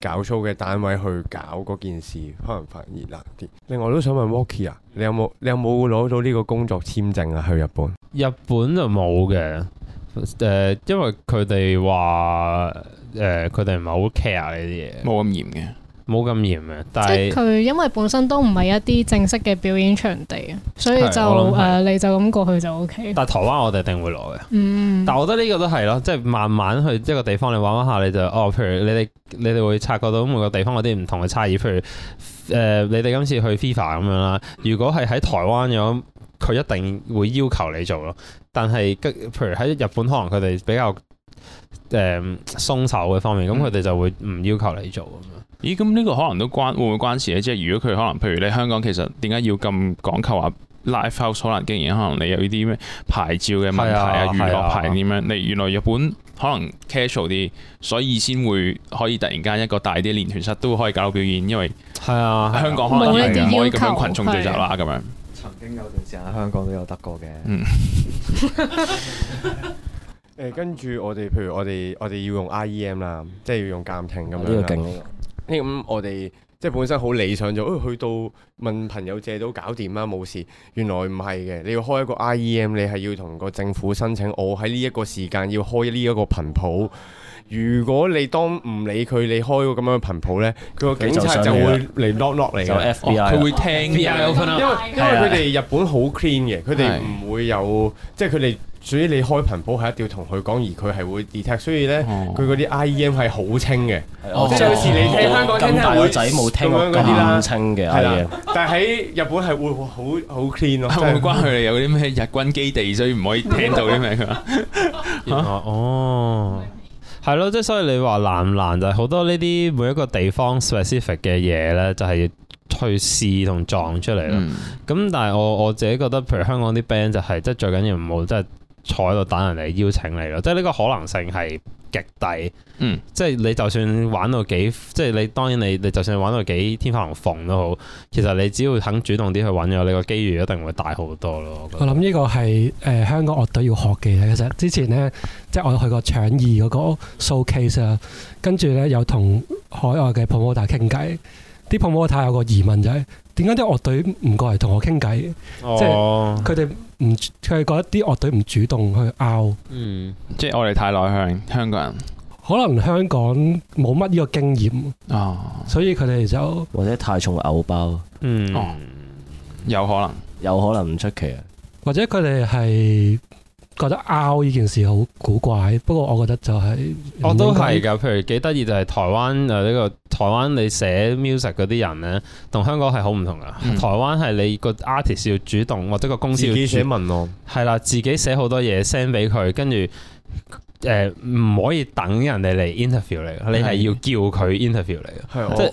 搞 show 嘅單位去搞嗰件事，可能反而難啲。另外都想問 Walkie 啊，你有冇你有冇攞到呢個工作簽證啊？去日本？日本就冇嘅。誒、呃，因為佢哋話，誒、呃，佢哋唔係好 care 呢啲嘢，冇咁嚴嘅，冇咁嚴嘅。但係，佢因為本身都唔係一啲正式嘅表演場地啊，所以就誒、呃，你就咁過去就 OK。但係台灣我哋一定會攞嘅。嗯，但我覺得呢個都係咯，即係慢慢去一個地方你玩玩下，你就哦，譬如你哋你哋會察覺到每個地方有啲唔同嘅差異。譬如誒、呃，你哋今次去 FIFA 咁樣啦，如果係喺台灣咁樣。佢一定會要求你做咯，但係，譬如喺日本，可能佢哋比較誒鬆手嘅方面，咁佢哋就會唔要求你做咁樣。咦？咁呢個可能都關會唔會關事咧？即係如果佢可能，譬如你香港其實點解要咁講求話 live house 好難經營？可能你有啲咩牌照嘅問題啊、娛樂牌點樣？你原來日本可能 casual 啲，所以先會可以突然間一個大啲練團室都可以搞到表演，因為係啊，香港可能唔可以咁樣群眾聚集啦，咁樣。曾經有段時間香港都有得過嘅。誒，跟住我哋，譬如我哋，我哋要用 IEM 啦、啊這個嗯，即係要用監聽咁樣啦。呢個勁呢個。咁我哋即係本身好理想就哦、哎，去到問朋友借到搞掂啦，冇事。原來唔係嘅，你要開一個 IEM，你係要同個政府申請，我喺呢一個時間要開呢一個頻譜。如果你當唔理佢，你開個咁樣嘅頻譜咧，佢個警察就會嚟 lock lock 嚟嘅，FBI，佢會聽，因為因為佢哋日本好 clean 嘅，佢哋唔會有，即係佢哋，所以你開頻譜係一定要同佢講，而佢係會 detect，所以咧佢嗰啲 IEM 係好清嘅，即係有時你喺香港聽聽會咁大個仔冇聽啲清嘅，係但係喺日本係會好好 clean 咯，係咪關佢哋有啲咩日軍基地，所以唔可以聽到啲咩哦。係咯，即係所以你話難唔難就係、是、好多呢啲每一個地方 specific 嘅嘢咧，就係、是、去試同撞出嚟咯。咁、嗯、但係我我自己覺得，譬如香港啲 band 就係即係最緊要唔好即係坐喺度等人嚟邀請你咯，即係呢個可能性係。極低，嗯，即係你就算玩到幾，嗯、即係你當然你你就算玩到幾天花龍鳳都好，其實你只要肯主動啲去揾咗，你個機遇一定會大好多咯。我諗呢個係誒、呃、香港樂隊要學嘅嘢其實，之前呢，即係我去過搶耳嗰個 showcase 啊，跟住呢有同海外嘅 promoter 傾偈，啲 promoter 有個疑問就係點解啲樂隊唔過嚟同我傾偈？哦、即係佢哋。唔，佢係覺得啲樂隊唔主動去拗，嗯，即係我哋太內向，香港人可能香港冇乜呢個經驗啊，哦、所以佢哋就或者太重偶包，嗯、哦，有可能，有可能唔出奇啊，或者佢哋係。覺得拗呢件事好古怪，不過我覺得就係我都係噶，譬如幾得意就係、是、台灣誒呢個台灣你寫 music 嗰啲人咧，同香港係好唔同噶。嗯、台灣係你個 artist 要主動或者個公司要自己寫文咯，係啦，自己寫好多嘢 send 俾佢，跟住誒唔可以等人哋嚟 interview 你，你係要叫佢 interview 嚟嘅，即係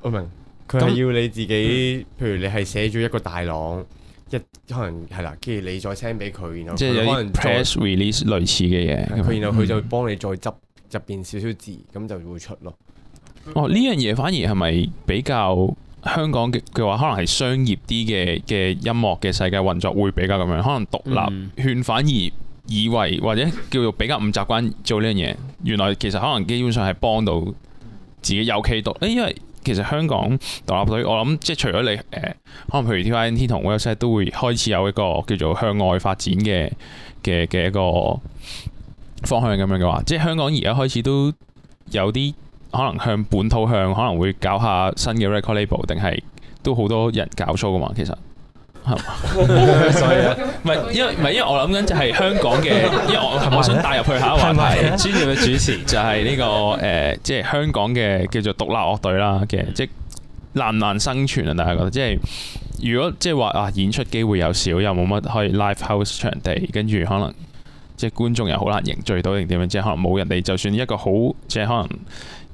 我明佢係要你自己，嗯、譬如你係寫咗一個大郎。一可能係啦，跟住你再 send 俾佢，然後，然後可能即有 press release 類似嘅嘢，樣然後佢就幫你再執入邊少少字，咁就會出咯。嗯、哦，呢樣嘢反而係咪比較香港嘅話，可能係商業啲嘅嘅音樂嘅世界運作會比較咁樣，可能獨立圈、嗯、反而以為或者叫做比較唔習慣做呢樣嘢，原來其實可能基本上係幫到自己有其多，因為。其實香港獨立隊，我諗即係除咗你誒、呃，可能譬如 TYNT 同 Wellsaid 都會開始有一個叫做向外發展嘅嘅嘅一個方向咁樣嘅話，即係香港而家開始都有啲可能向本土向可能會搞下新嘅 record label，定係都好多人搞 show 嘅嘛，其實。係嘛？所以唔係因為唔係因為我諗緊就係香港嘅，因為我想我想帶入去下一個話題。專業嘅主持就係呢、這個誒、即、呃、係、就是、香港嘅叫做獨立樂隊啦嘅，即係、就是、難難生存啊！大家覺得即係、就是、如果即係話啊，演出機會又少，又冇乜可以 live house 場地，跟住可能即係觀眾又好難凝聚到定點樣，即係可能冇人哋就算一個好，即係可能。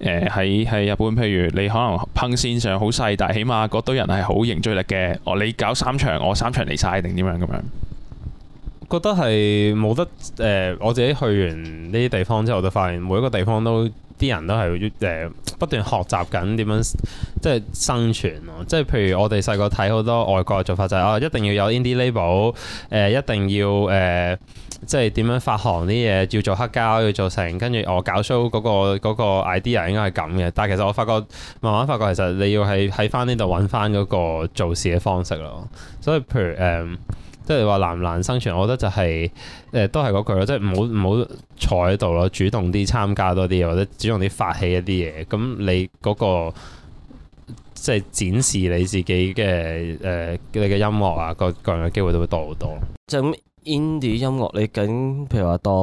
誒喺喺日本，譬如你可能烹線上好細，但係起碼嗰堆人係好凝聚力嘅。哦，你搞三場，我三場嚟晒定點樣咁樣，覺得係冇得誒、呃，我自己去完呢啲地方之後，就發現每一個地方都啲人都係誒、呃、不斷學習緊點樣，即係生存，即係譬如我哋細個睇好多外國嘅做法，就係、係、啊一定要有 indie label、呃、一定要誒。呃即係點樣發行啲嘢，要做黑膠，要做成，跟住我搞 show 嗰、那個、那個 idea 應該係咁嘅。但係其實我發覺，慢慢發覺，其實你要係喺翻呢度搵翻嗰個做事嘅方式咯。所以譬如誒、呃，即係話難唔難生存，我覺得就係、是、誒、呃、都係嗰句咯，即係唔好唔好坐喺度咯，主動啲參加多啲嘢，或者主動啲發起一啲嘢。咁你嗰、那個即係、就是、展示你自己嘅誒、呃、你嘅音樂啊，各樣嘅機會都會多好多。Indie 音樂你竟譬如話當，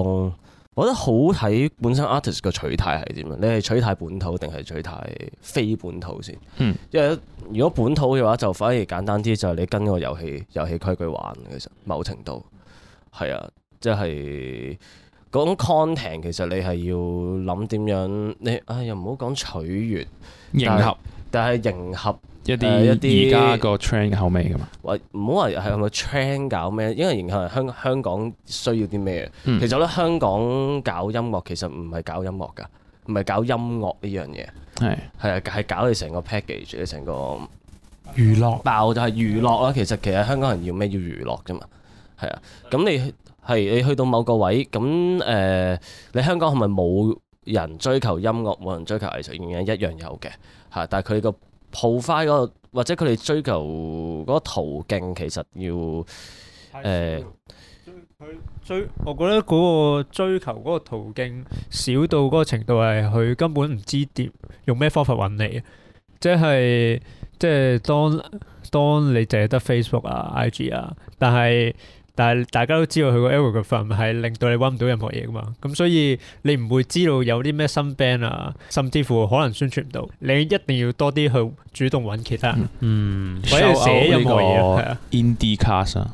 我覺得好睇本身 artist 嘅取態係點樣？你係取態本土定係取態非本土先？嗯。因為如果本土嘅話，就反而簡單啲，就係你跟個遊戲遊戲規矩玩。其實某程度係啊，即係嗰種 content 其實你係要諗點樣？你唉又唔好講取悅，迎合，但係迎合。一啲一啲而家個 train 嘅口味噶嘛？喂、哎，唔好話係個 train 搞咩，因為然後香香港需要啲咩？嗯、其實咧，香港搞音樂其實唔係搞音樂噶，唔係搞音樂呢樣嘢。係係啊，係搞你成個 package，你成個娛樂爆就係、是、娛樂啦。其實其實香港人要咩？要娛樂啫嘛。係啊，咁你係你去到某個位咁誒、呃？你香港係咪冇人追求音樂？冇人追求藝術？仍然一樣有嘅嚇，但係佢個。好快嗰個，或者佢哋追求嗰個途徑其實要誒，佢追、呃、我覺得嗰個追求嗰個途徑少到嗰個程度係佢根本唔知點用咩方法揾你，即係即係當當你淨係得 Facebook 啊、IG 啊，但係。但係大家都知道佢個 error 嘅份係令到你揾唔到任何嘢噶嘛，咁所以你唔會知道有啲咩新 band 啊，甚至乎可能宣傳唔到。你一定要多啲去主動揾其他人，嗯，所、嗯、以寫任何嘢係啊。out 的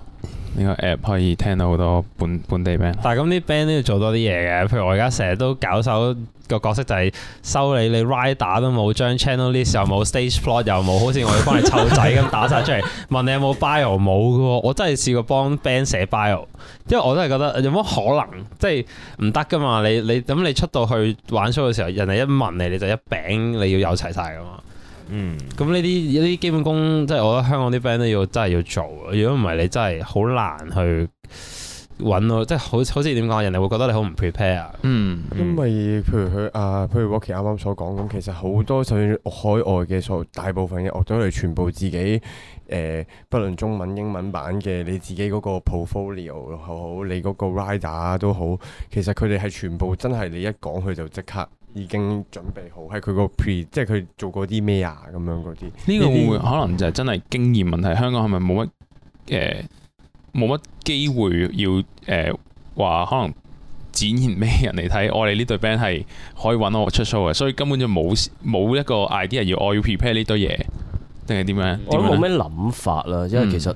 呢個 app 可以聽到好多本本地 band，但係咁啲 band 都要做多啲嘢嘅，譬如我而家成日都搞手個角色就係收你你 rider 打都冇，將 channel list 又冇，stage plot 又冇，好似我要幫你湊仔咁打晒出嚟， 問你有冇 bio 冇㗎喎，我真係試過幫 band 寫 bio，因為我都係覺得有乜可能即係唔得噶嘛，你你咁你出到去玩 show 嘅時候，人哋一問你你就一餅你要有齊晒噶嘛。嗯，咁呢啲一啲基本功，即係我覺得香港啲 band 都要真係要做。如果唔係，你真係好難去揾咯。即係好好似點講，人哋會覺得你好唔 prepare。啊。嗯，嗯因為譬如佢啊，譬如 Rocky 啱啱所講咁，其實好多就算海外嘅所大部分嘅樂隊，佢全部自己誒、呃，不論中文英文版嘅，你自己嗰個 portfolio 又好，你嗰個 rider 都好，其實佢哋係全部真係你一講佢就即刻。已經準備好喺佢個 pre 即係佢做過啲咩啊咁樣嗰啲。呢個會可能就係真係經驗問題。香港係咪冇乜誒冇乜機會要誒話、呃、可能展現咩人嚟睇？我哋呢隊 band 係可以揾我出 show 嘅，所以根本就冇冇一個 idea 要我要 prepare 呢堆嘢，定係點樣？我冇咩諗法啦，嗯、因為其實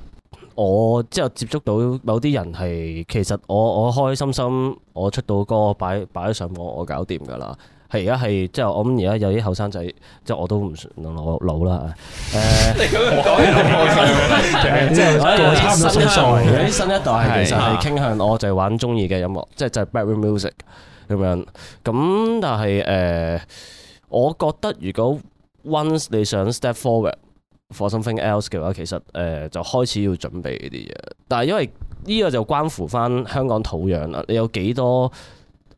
我之係、即係、接觸到某啲人係其實我我開心心我出到歌，我擺擺上網，我搞掂㗎啦。係而家係即係我諗而家有啲後生仔，即、就、係、是、我都唔算老老啦。誒、 呃，你咁樣講，即係過於啲新一代係 其實係傾向，我就係玩中意嘅音樂，即係 就係 background music 咁樣。咁但係誒、呃，我覺得如果 once 你想 step forward for something else 嘅話，其實誒、呃、就開始要準備呢啲嘢。但係因為呢個就關乎翻香港土壤啦，你有幾多？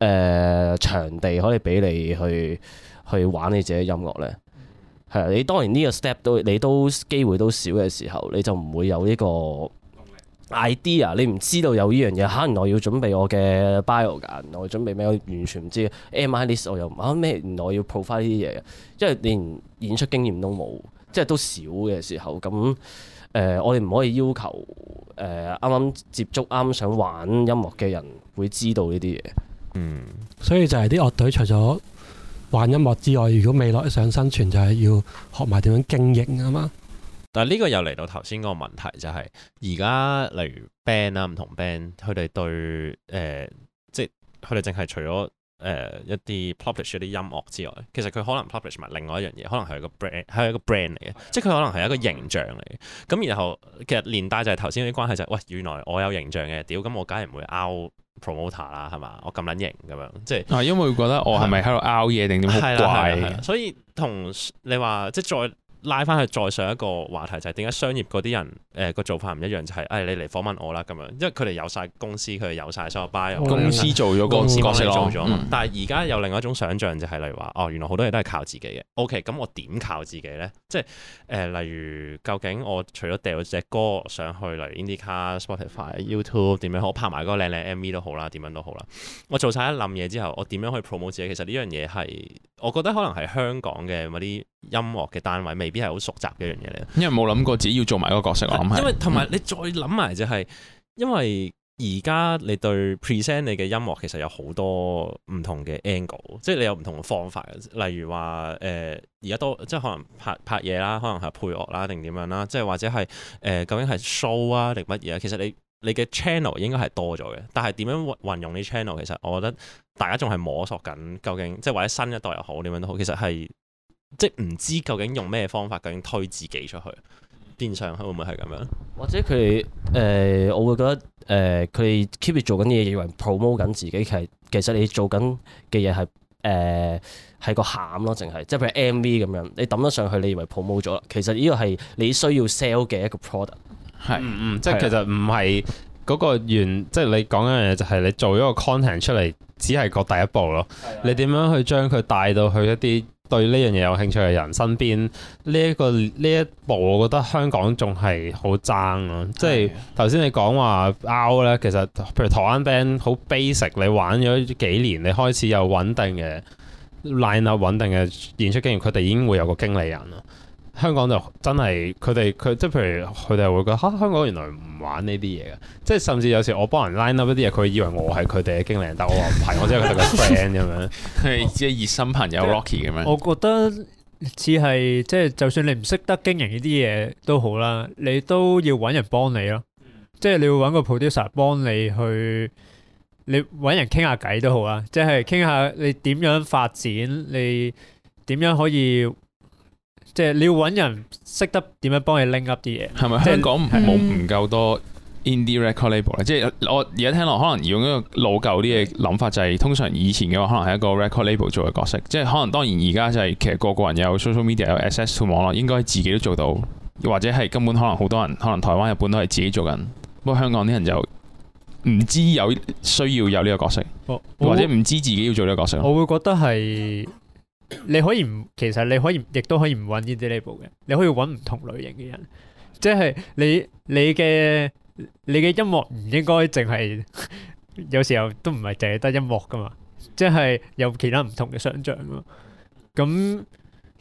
誒、uh，場地可以俾你去去玩你自己音樂咧，係啊、mm hmm.！你當然呢個 step 都你都機會都少嘅時候，你就唔會有呢個 idea，你唔知道有呢樣嘢。可、啊、能我要準備我嘅 bio 㗎，我準備咩？我完全唔知。analysis 我又唔啊咩？原來我要 provide 呢啲嘢，因為連演出經驗都冇，即係都少嘅時候。咁誒、呃，我哋唔可以要求誒啱啱接觸啱想玩音樂嘅人會知道呢啲嘢。嗯，所以就係啲樂隊除咗玩音樂之外，如果未來想生存，就係、是、要學埋點樣經營啊嘛。但係呢個又嚟到頭先嗰個問題，就是，就係而家例如 band 啊，唔同 band，佢哋對誒、呃，即係佢哋淨係除咗誒、呃、一啲 publish 啲音樂之外，其實佢可能 publish 埋另外一樣嘢，可能係一個 brand，係一個 brand 嚟嘅，即係佢可能係一個形象嚟嘅。咁然後其實連帶就係頭先嗰啲關係就係、是，喂，原來我有形象嘅，屌，咁我梗係唔會 out。promoter 啦係嘛？我咁撚型咁樣，即係啊， 因為會覺得我係咪喺度拗嘢定點樣怪？所以同你話即係再。拉翻去再上一個話題就係點解商業嗰啲人誒個、呃、做法唔一樣，就係、是、誒、哎、你嚟訪問我啦咁樣，因為佢哋有晒公司，佢哋有晒所有 by 公司做咗公司幫你做咗。做嗯、但係而家有另外一種想像就係、是、例如話哦，原來好多嘢都係靠自己嘅。OK，咁、嗯嗯、我點靠自己咧？即係誒、呃，例如究竟我除咗掉隻歌上去，例如 Indica e、Spotify、YouTube 點樣好，我拍埋嗰個靚靚 MV 都好啦，點樣都好啦。我做晒一冧嘢之後，我點樣去 promote 自己？其實呢樣嘢係。我覺得可能係香港嘅某啲音樂嘅單位，未必係好熟習嘅一樣嘢嚟。因為冇諗過自己要做埋嗰個角色，我諗係。因為同埋你再諗埋就係，因為而家你對 present 你嘅音樂其實有好多唔同嘅 angle，即係你有唔同嘅方法。例如話誒，而、呃、家都即係可能拍拍嘢啦，可能係配樂啦，定點樣啦，即係或者係誒、呃、究竟係 show 啊定乜嘢啊？其實你。你嘅 channel 應該係多咗嘅，但係點樣運用啲 channel，其實我覺得大家仲係摸索緊，究竟即係或者新一代又好，點樣都好，其實係即係唔知究竟用咩方法，究竟推自己出去，變相會唔會係咁樣？或者佢哋誒、呃，我會覺得誒，佢哋 keep 住做緊啲嘢，以為 promote 緊自己，其實其實你做緊嘅嘢係誒係個餡咯，淨係即係譬如 MV 咁樣，你抌咗上去，你以為 promote 咗，其實呢個係你需要 sell 嘅一個 product。係，嗯嗯，即係其實唔係嗰個原，即係的你講一樣嘢就係你做咗個 content 出嚟，只係個第一步咯。的你點樣去將佢帶到去一啲對呢樣嘢有興趣嘅人身邊？呢一個呢一步，我覺得香港仲係好爭啊！的即係頭先你講話 out 咧，其實譬如台灣 band 好 basic，你玩咗幾年，你開始有穩定嘅 line 有穩定嘅演出經驗，佢哋已經會有個經理人啦。香港就真係佢哋佢，即係譬如佢哋會覺得、啊、香港原來唔玩呢啲嘢嘅，即係甚至有時我幫人 line up 一啲嘢，佢以為我係佢哋嘅經理，但我話唔係，我真係佢哋 friend 咁樣， 即係熱心朋友 Rocky 咁樣。我覺得似係即係，就是、就算你唔識得經營呢啲嘢都好啦，你都要揾人幫你咯，即係你會揾個 producer 幫你去，你揾人傾下偈都好啦，即係傾下你點樣發展，你點樣可以。即係你要揾人識得點樣幫你 link up 啲嘢，係咪唔係香港冇唔夠多 indie record label、嗯、即係我而家聽落，可能用一個老舊啲嘅諗法、就係，就係通常以前嘅話，可能係一個 record label 做嘅角色。即係可能當然而家就係、係、其實個個人有 social media 有 access to 網絡，應該自己都做到，或者係根本可能好多人可能台灣、日本都係自己做緊，不過香港啲人就唔知有需要有呢個角色，哦、或者唔知自己要做呢個角色我。我會覺得係。你可以唔，其實你可以，亦都可以唔揾呢啲 label 嘅，你可以揾唔同類型嘅人，即係你你嘅你嘅音樂唔應該淨係 有時候都唔係淨係得音樂噶嘛，即係有其他唔同嘅想像啊。咁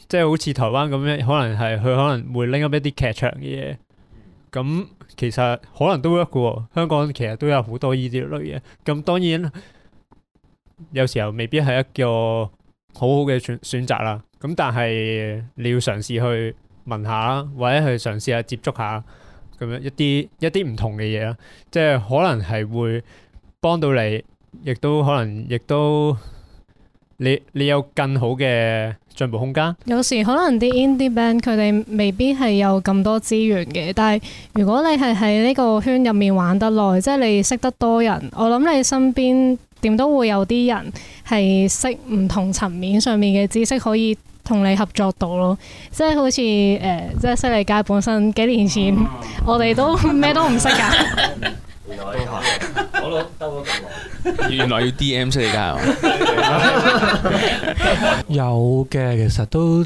即係好似台灣咁樣，可能係佢可能會拎一啲劇場嘅嘢。咁其實可能都得嘅喎，香港其實都有好多呢啲類型。咁當然有時候未必係一個。好好嘅選選擇啦，咁但係你要嘗試去問下或者去嘗試下接觸下咁樣一啲一啲唔同嘅嘢啦，即係可能係會幫到你，亦都可能，亦都你你有更好嘅進步空間。有時可能啲 indie band 佢哋未必係有咁多資源嘅，但係如果你係喺呢個圈入面玩得耐，即係你識得多人，我諗你身邊。點都會有啲人係識唔同層面上面嘅知識，可以同你合作到咯。即係好似誒、呃，即係西利加本身幾年前，嗯、我哋都咩都唔識㗎。原來，要 D M 西利加 有嘅，其實都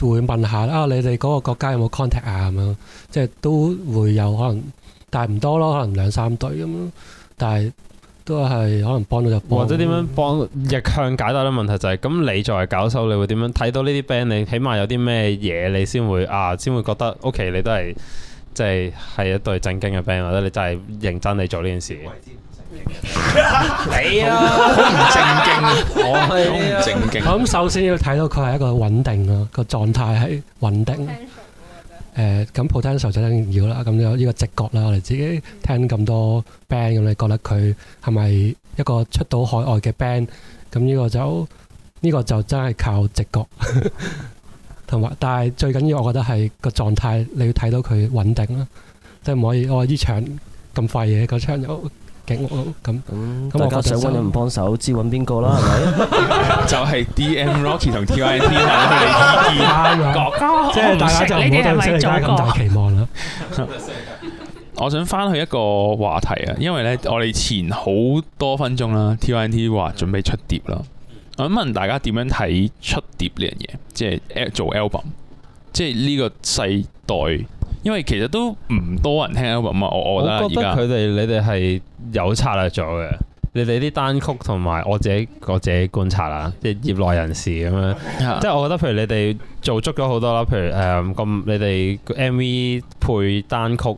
會問下啦、啊。你哋嗰個國家有冇 contact 啊？咁樣即係都會有可能，但係唔多咯，可能兩三隊咁。但係都係可能幫到就幫，或者點樣幫逆向解答啲問題就係、是、咁。你作為搞手，你會點樣睇到呢啲 band？你起碼有啲咩嘢你先會啊？先會覺得 OK，你都係即係係一隊正經嘅 band，或者你就係認真嚟做呢件事。 你啊，好唔正經 啊！我係好唔正經 啊，咁 首先要睇到佢係一個穩定啊個狀態係穩定。Okay. 誒咁普通 t e n 就真係重要啦，咁有呢個直覺啦，我哋自己聽咁多 band，咁你覺得佢係咪一個出到海外嘅 band？咁呢個就呢個就真係靠直覺，同埋但係最緊要我覺得係個狀態，你要睇到佢穩定啦，即係唔可以我話啲槍咁快嘢，個槍又～咁咁，大家想揾人唔幫手，知揾邊個啦？係咪？就係 DM Rocky 同 TYNT 啦，佢哋啱啊！國家即係大家就唔好對佢哋帶咁大期望啦。 我想翻去一個話題啊，因為咧，我哋前好多分鐘啦，TYNT 話準備出碟啦。我想問大家點樣睇出碟呢樣嘢？即係做 album，即係呢個世代。因為其實都唔多人聽啊，默我我覺得佢哋你哋係有策略咗嘅，你哋啲單曲同埋我自己我自己觀察啦，即係業內人士咁樣，啊、即係我覺得譬如你哋做足咗好多啦，譬如誒咁、嗯、你哋 MV 配單曲，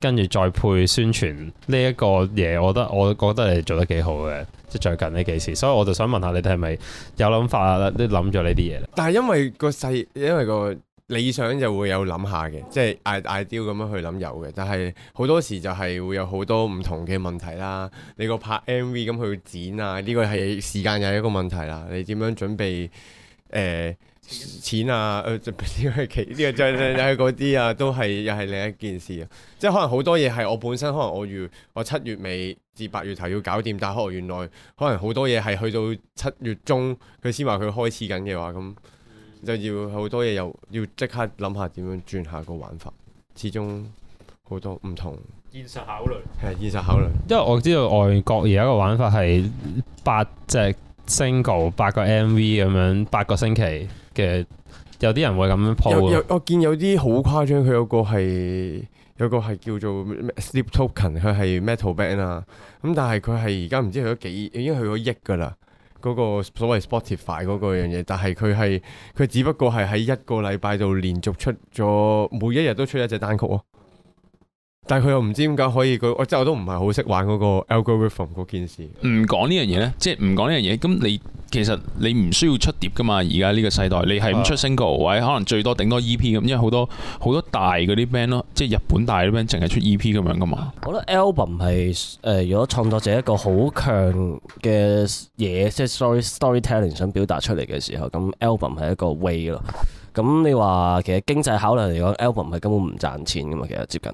跟住再配宣傳呢一個嘢，我覺得我覺得你哋做得幾好嘅，即係最近呢幾時，所以我就想問下你哋係咪有諗法咧諗咗呢啲嘢咧？但係因為個細，因為、個。理想就會有諗下嘅，即係 ideal 咁樣去諗有嘅，但係好多時就係會有好多唔同嘅問題啦。你個拍 MV 咁去剪啊，呢、這個係時間又係一個問題啦。你點樣準備誒、呃、錢，錢啊？誒點去企呢個將將嗰啲啊，都係又係另一件事啊。 即係可能好多嘢係我本身，可能我預我七月尾至八月頭要搞掂，但係我原來可能好多嘢係去到七月中佢先話佢開始緊嘅話咁。就要好多嘢，又要即刻諗下點樣轉下個玩法。始終好多唔同現實考慮，係現實考慮。因為我知道外國而家個玩法係八隻 single、八個 MV 咁樣，八個星期嘅。有啲人會咁樣鋪。我見有啲好誇張，佢有個係有個係叫做 Sleep Token，佢係 metal band 啊。咁但係佢係而家唔知去咗幾，已經去咗億㗎啦。嗰個所謂 Spotify 嗰個樣嘢，但係佢係佢只不過係喺一個禮拜度連續出咗每一日都出一隻單曲咯，哦。但係佢又唔知點解可以佢，我真係都唔係好識玩嗰個 algorithm 嗰件事。唔講呢樣嘢咧，即係唔講呢樣嘢，咁你其實你唔需要出碟噶嘛。而家呢個世代，你係咁出 single，或者可能最多頂多 EP 咁，因為好多好多大嗰啲 band 咯，即係日本大啲 band 淨係出 EP 咁樣噶嘛。我覺得 album 係誒、呃，如果創作者一個好強嘅嘢，即係 story storytelling 想表達出嚟嘅時候，咁 album 係一個 way 咯。咁你話其實經濟考慮嚟講，album 係根本唔賺錢噶嘛，其實接近。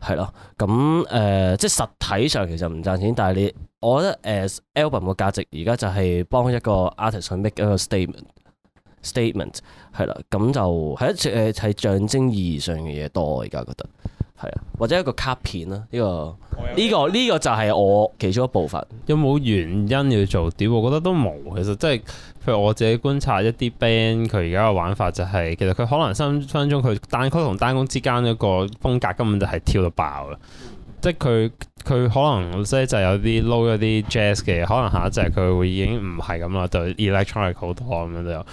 係咯，咁誒、呃、即係實體上其實唔賺錢，但係你我覺得誒 album 個價值而家就係幫一個 artist 去 make 一個 statement，statement 係啦，咁就係一隻係象徵意義上嘅嘢多，我而家覺得。或者一個卡片啦，呢、呢個呢、呢個呢、呢個就係我其中一部分。有冇原因要做啲？我覺得都冇，其實即、就、係、是、譬如我自己觀察一啲 band，佢而家嘅玩法就係、是、其實佢可能三分鐘佢單曲同單曲之間嗰個風格根本就係跳到爆嘅。 即係佢佢可能即係就有啲 low 一啲 jazz 嘅，可能下一隻佢會已經唔係咁啦，就是、electronic 好多咁樣都有。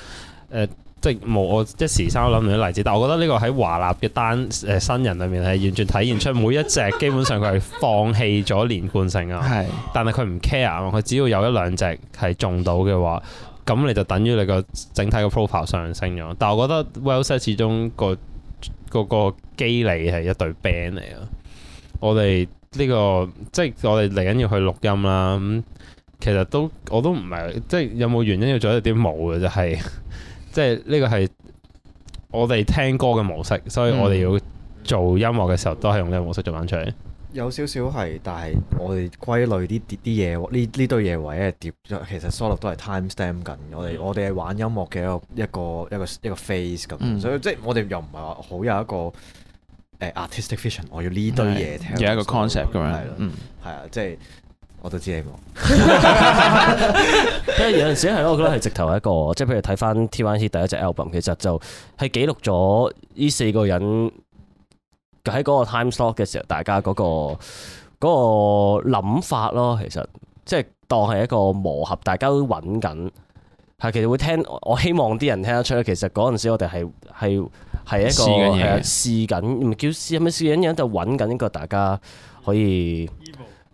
呃即冇我一時三刻諗唔到例子，但係我覺得呢個喺華納嘅單誒、呃、新人裏面係完全體現出每一隻基本上佢係放棄咗連貫性啊。係， 但係佢唔 care 啊，佢只要有一兩隻係中到嘅話，咁你就等於你個整體嘅 profile 上升咗。但係我覺得 Wellsaid 始終個嗰個機理係一隊 band 嚟啊。我哋呢、呢個即係我哋嚟緊要去錄音啦。咁其實都我都唔係即係有冇原因要做一啲冇嘅就係、係。即係呢個係我哋聽歌嘅模式，所以我哋要做音樂嘅時候都係用呢個模式做翻出嚟。有少少係，但係我哋歸類啲啲嘢，呢呢堆嘢位係碟。其實 sort of 都係 time stamp 緊。嗯、我哋我哋係玩音樂嘅一個一個一個一個 phase 咁。嗯、所以即係我哋又唔係話好有一個誒、呃、artistic vision，我要呢堆嘢聽。有一個 concept 咁樣係咯，係啊，即係。我都知你講，即係有陣 時係，我覺得係直頭係一個，即係譬如睇翻 TYNT 第一隻 album，其實就係記錄咗呢四個人喺嗰個 time stock 嘅時候，大家嗰、嗰個嗰、嗰個諗法咯。其實即係當係一個磨合，大家都揾緊。係其實會聽，我希望啲人聽得出。其實嗰陣時我哋係係係一個試緊，試啊、試唔係叫試係咪試緊嘢，就揾緊一個大家可以係、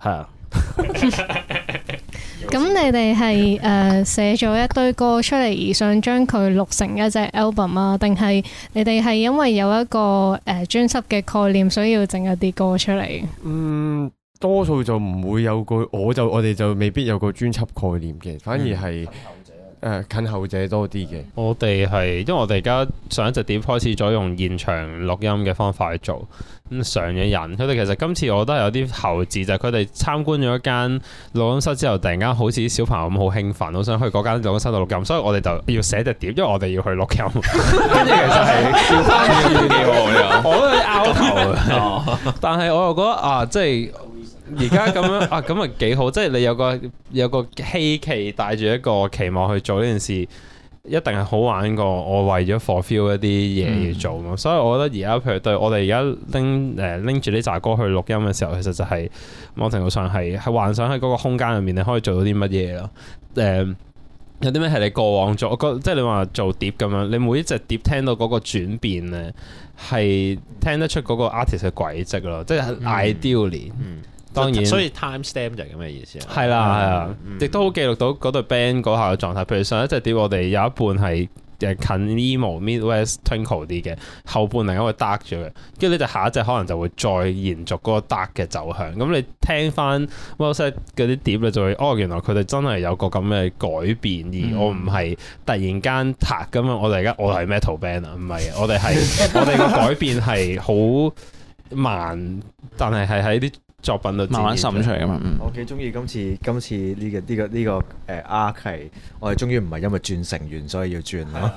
嗯、啊。咁 你哋係誒寫咗一堆歌出嚟，而想將佢錄成一隻 album 啊？定係你哋係因為有一個誒專輯嘅概念，所以要整一啲歌出嚟？嗯，多數就唔會有個，我就我哋就未必有個專輯概念嘅，反而係。嗯誒近後者多啲嘅，我哋係因為我哋而家上一隻碟開始咗用現場錄音嘅方法去做，咁、嗯、上嘅人佢哋其實今次我覺得有啲後置，就係佢哋參觀咗一間錄音室之後，突然間好似啲小朋友咁好興奮，好想去嗰間錄音室度錄音，所以我哋就要寫隻碟，因為我哋要去錄音，跟住 其實係調翻調調，我，我覺得拗頭、 哦、 但係我又覺得啊，即係。而家咁樣 啊，咁啊幾好，即係你有個有個希冀帶住一個期望去做呢件事，一定係好玩過我為咗 fulfill 一啲嘢要做嘛。嗯、所以我覺得而家譬如對我哋而家拎誒拎住呢紮歌去錄音嘅時候，其實就係某程度上係係幻想喺嗰個空間入面你可以做到啲乜嘢咯。誒、呃，有啲咩係你過往做？我覺得即係你話做碟咁樣，你每一隻碟聽到嗰個轉變咧，係聽得出嗰個 artist 嘅軌跡咯，即係 ideally。嗯當然，所以，所以 time stamp 就係咁嘅意思啦。係啦、嗯，係啊的，亦都好記錄到嗰對 band 嗰下嘅狀態。譬如上一隻碟，我哋有一半係誒近 emo midwest twinkle 啲嘅，後半另一個 dark 咗嘅。跟住呢就下一隻可能就會再延續嗰個 dark 嘅走向。咁你聽翻 Wellsaid 嗰啲碟咧，你就會哦，原來佢哋真係有個咁嘅改變，而我唔係突然間突咁樣。我哋而家我係 metal band 啊，唔係我哋係 我哋嘅改變係好慢，但係係喺啲，作品都慢慢滲出嚟啊嘛！嗯、我幾中意今次今次呢個呢、呢個呢、呢個誒阿奇，uh, 我哋終於唔係因為轉成員所以要轉咯，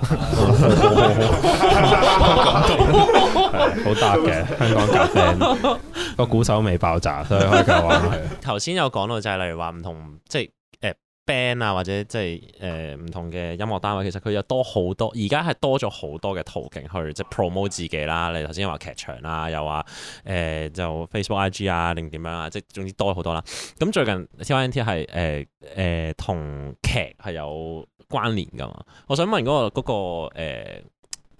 好搭嘅香港咖啡，個 鼓手未爆炸，所以可以夠玩。頭先 有講到就係、是、例如話唔同即係，就是 band 啊或者即係誒唔同嘅音樂單位，其實佢又多好多，而家係多咗好多嘅途徑去即係 promote 自己啦。你頭先話劇場啦，又話誒、呃、就 Facebook IG 啊，定點樣啊，即係總之多好多啦。咁最近 TYNT 係誒誒同劇係有關聯噶嘛？我想問嗰個嗰個呃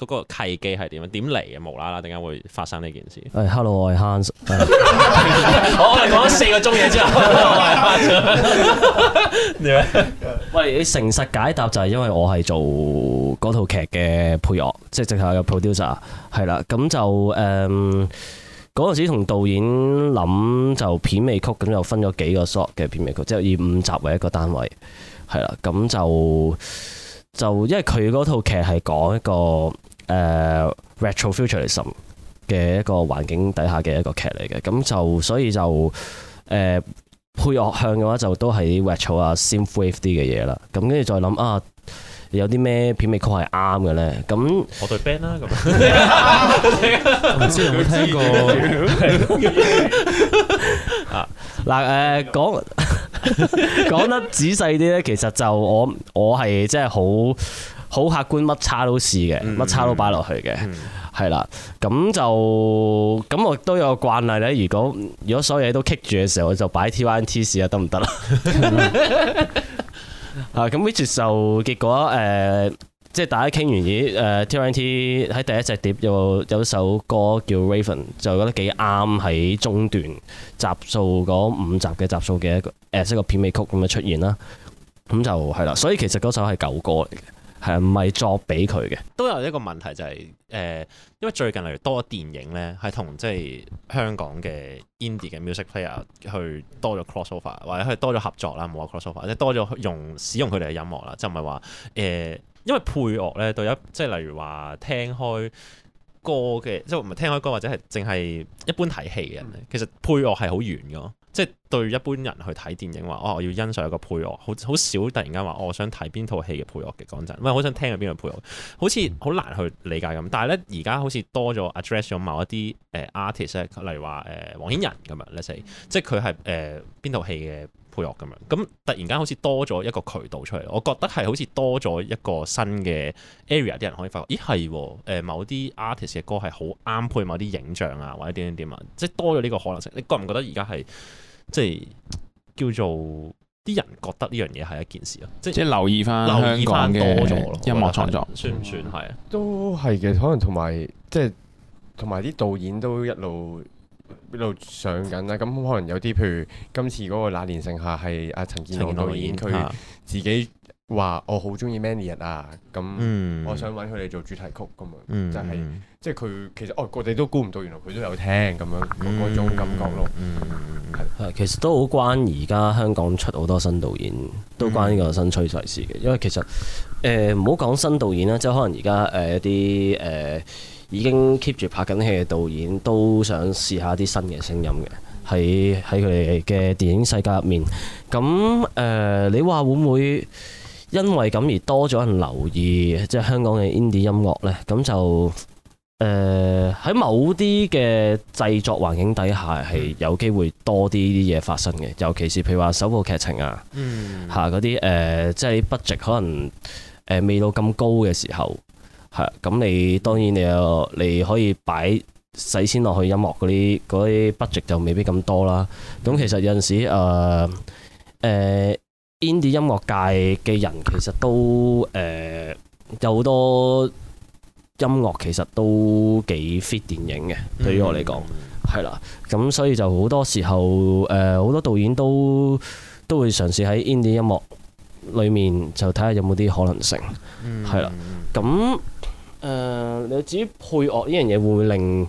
嗰個契機係點啊？點嚟嘅？無啦啦，點解會發生呢件事？誒、hey，Hello，我係 Hans。我係講咗四個鐘嘢之後。你咩？喂，你誠實解答就係因為我係做嗰套劇嘅配樂，即係淨係有 producer 係啦。咁就誒嗰陣時同導演諗就片尾曲咁，就分咗幾個 shot 嘅片尾曲，即係以五集為一個單位係啦。咁就就因為佢嗰套劇係講一個。誒、uh, retrofuturism 嘅一個環境底下嘅一個劇嚟嘅，咁就所以就誒、uh, 配樂向嘅話，就都係 retro 啊，synthwave 啲嘅嘢啦。咁跟住再諗啊，有啲咩片尾曲係啱嘅咧？咁我對 band 啦、啊，咁唔、 啊、知有冇聽過， 聽過 啊？嗱、呃、誒，講講得仔細啲咧，其實就我我係真係好。好客觀，乜叉都試嘅，乜叉都擺落去嘅，係啦、mm。咁、hmm. 就咁我都有個慣例咧。如果如果所有嘢都 kick 住嘅時候，我就擺 TYNT 試下得唔得啦？行行啊，咁 which 就結果誒、呃，即係大家傾完咦誒、呃、，TYNT 喺第一隻碟有有首歌叫 Raven，就覺得幾啱喺中段集數嗰五集嘅集數嘅一個誒，即、呃、個片尾曲咁樣出現啦。咁就係啦，所以其實嗰首係舊歌嚟嘅。係唔係作俾佢嘅？都有一個問題就係、是、誒、呃，因為最近例如多電影咧，係同即係香港嘅 Indie 嘅 Music Player 去多咗 Cross Over，或者係多咗合作啦，冇話 Cross Over，即係多咗用使用佢哋嘅音樂啦。就唔係話誒，因為配樂咧對一即係例如話聽開歌嘅，即係唔係聽開歌或者係淨係一般睇戲嘅人，其實配樂係好遠嘅。即係對一般人去睇電影話，哦，我要欣賞一個配樂，好好少突然間話，哦，我想睇邊套戲嘅配樂嘅，講真，喂，好想聽下邊個配樂，好似好難去理解咁。但係咧，而家好似多咗 address 咗某一啲誒 artist 例如話誒黃衍仁咁樣，即係佢係誒邊套戲嘅配樂咁樣。咁突然間好似多咗一個渠道出嚟，我覺得係好似多咗一個新嘅 area 啲人可以發覺，咦係，誒某啲 artist 嘅歌係好啱配某啲影像啊，或者點點點啊，即係多咗呢個可能性。你覺唔覺得而家係？即係叫做啲人覺得呢樣嘢係一件事咯，即係留意翻留意翻多咗香港音樂創作算唔算係啊？嗯、都係嘅，可能同埋即係同埋啲導演都一路一路上緊啦。咁、嗯嗯嗯、可能有啲譬如今次嗰個《那年盛夏》係阿陳建龍導演佢自己、嗯。嗯話我好中意 Many 日啊！咁、嗯、我想揾佢哋做主題曲噶嘛，咁樣就係、是嗯、即係佢其實我我哋都估唔到，原來佢都有聽咁樣嗰嗰種感覺咯。嗯、係其實都好關而家香港出好多新導演，都關呢個新趨勢事嘅。因為其實誒唔好講新導演啦，即、就、係、是、可能而家誒一啲誒、呃、已經 keep 住拍緊戲嘅導演，都想試下啲新嘅聲音嘅，喺喺佢哋嘅電影世界入面。咁誒、呃，你話會唔會？因為咁而多咗人留意，即、就、係、是、香港嘅 indie 音樂呢。咁就誒喺、呃、某啲嘅製作環境底下係有機會多啲呢啲嘢發生嘅，尤其是譬如話首部劇情啊，嚇嗰啲誒，即係啲 budget 可能誒未到咁高嘅時候，係咁你當然你又你可以擺使錢落去音樂嗰啲嗰啲 budget 就未必咁多啦。咁其實有陣時誒誒。呃呃 indie 音樂界嘅人其實都誒、呃、有好多音樂其實都幾 fit 電影嘅，對於我嚟講係啦，咁、嗯、所以就好多時候誒好、呃、多導演都都會嘗試喺 indie 音樂裏面就睇下有冇啲可能性，係啦、嗯，咁誒你至於配樂呢樣嘢會會令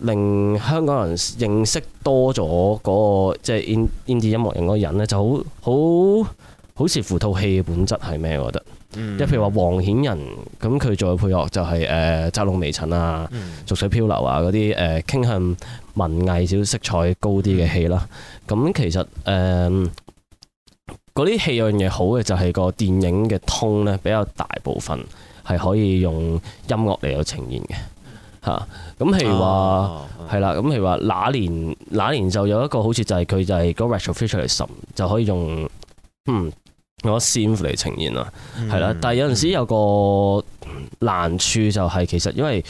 令香港人認識多咗嗰、那個即係 indie、就是、音樂人嗰個人咧，就好好好似乎套戲嘅本質係咩？我覺得，即、嗯、譬如話黃衍仁咁，佢做嘅配樂就係、是、誒《窄、呃、路微塵》啊，《濁水漂流啊》啊嗰啲誒傾向文藝少少色彩高啲嘅戲啦。咁、嗯、其實誒嗰啲戲有樣嘢好嘅，就係個電影嘅 tone 咧，比較大部分係可以用音樂嚟到呈現嘅。吓，咁譬、啊啊啊啊、如話係啦，咁譬如話那年那年就有一個好處就係佢就係嗰 retrofuturism 就可以用嗯嗰 synth 嚟呈現啦，係啦、嗯，但係有陣時有個難處就係其實因為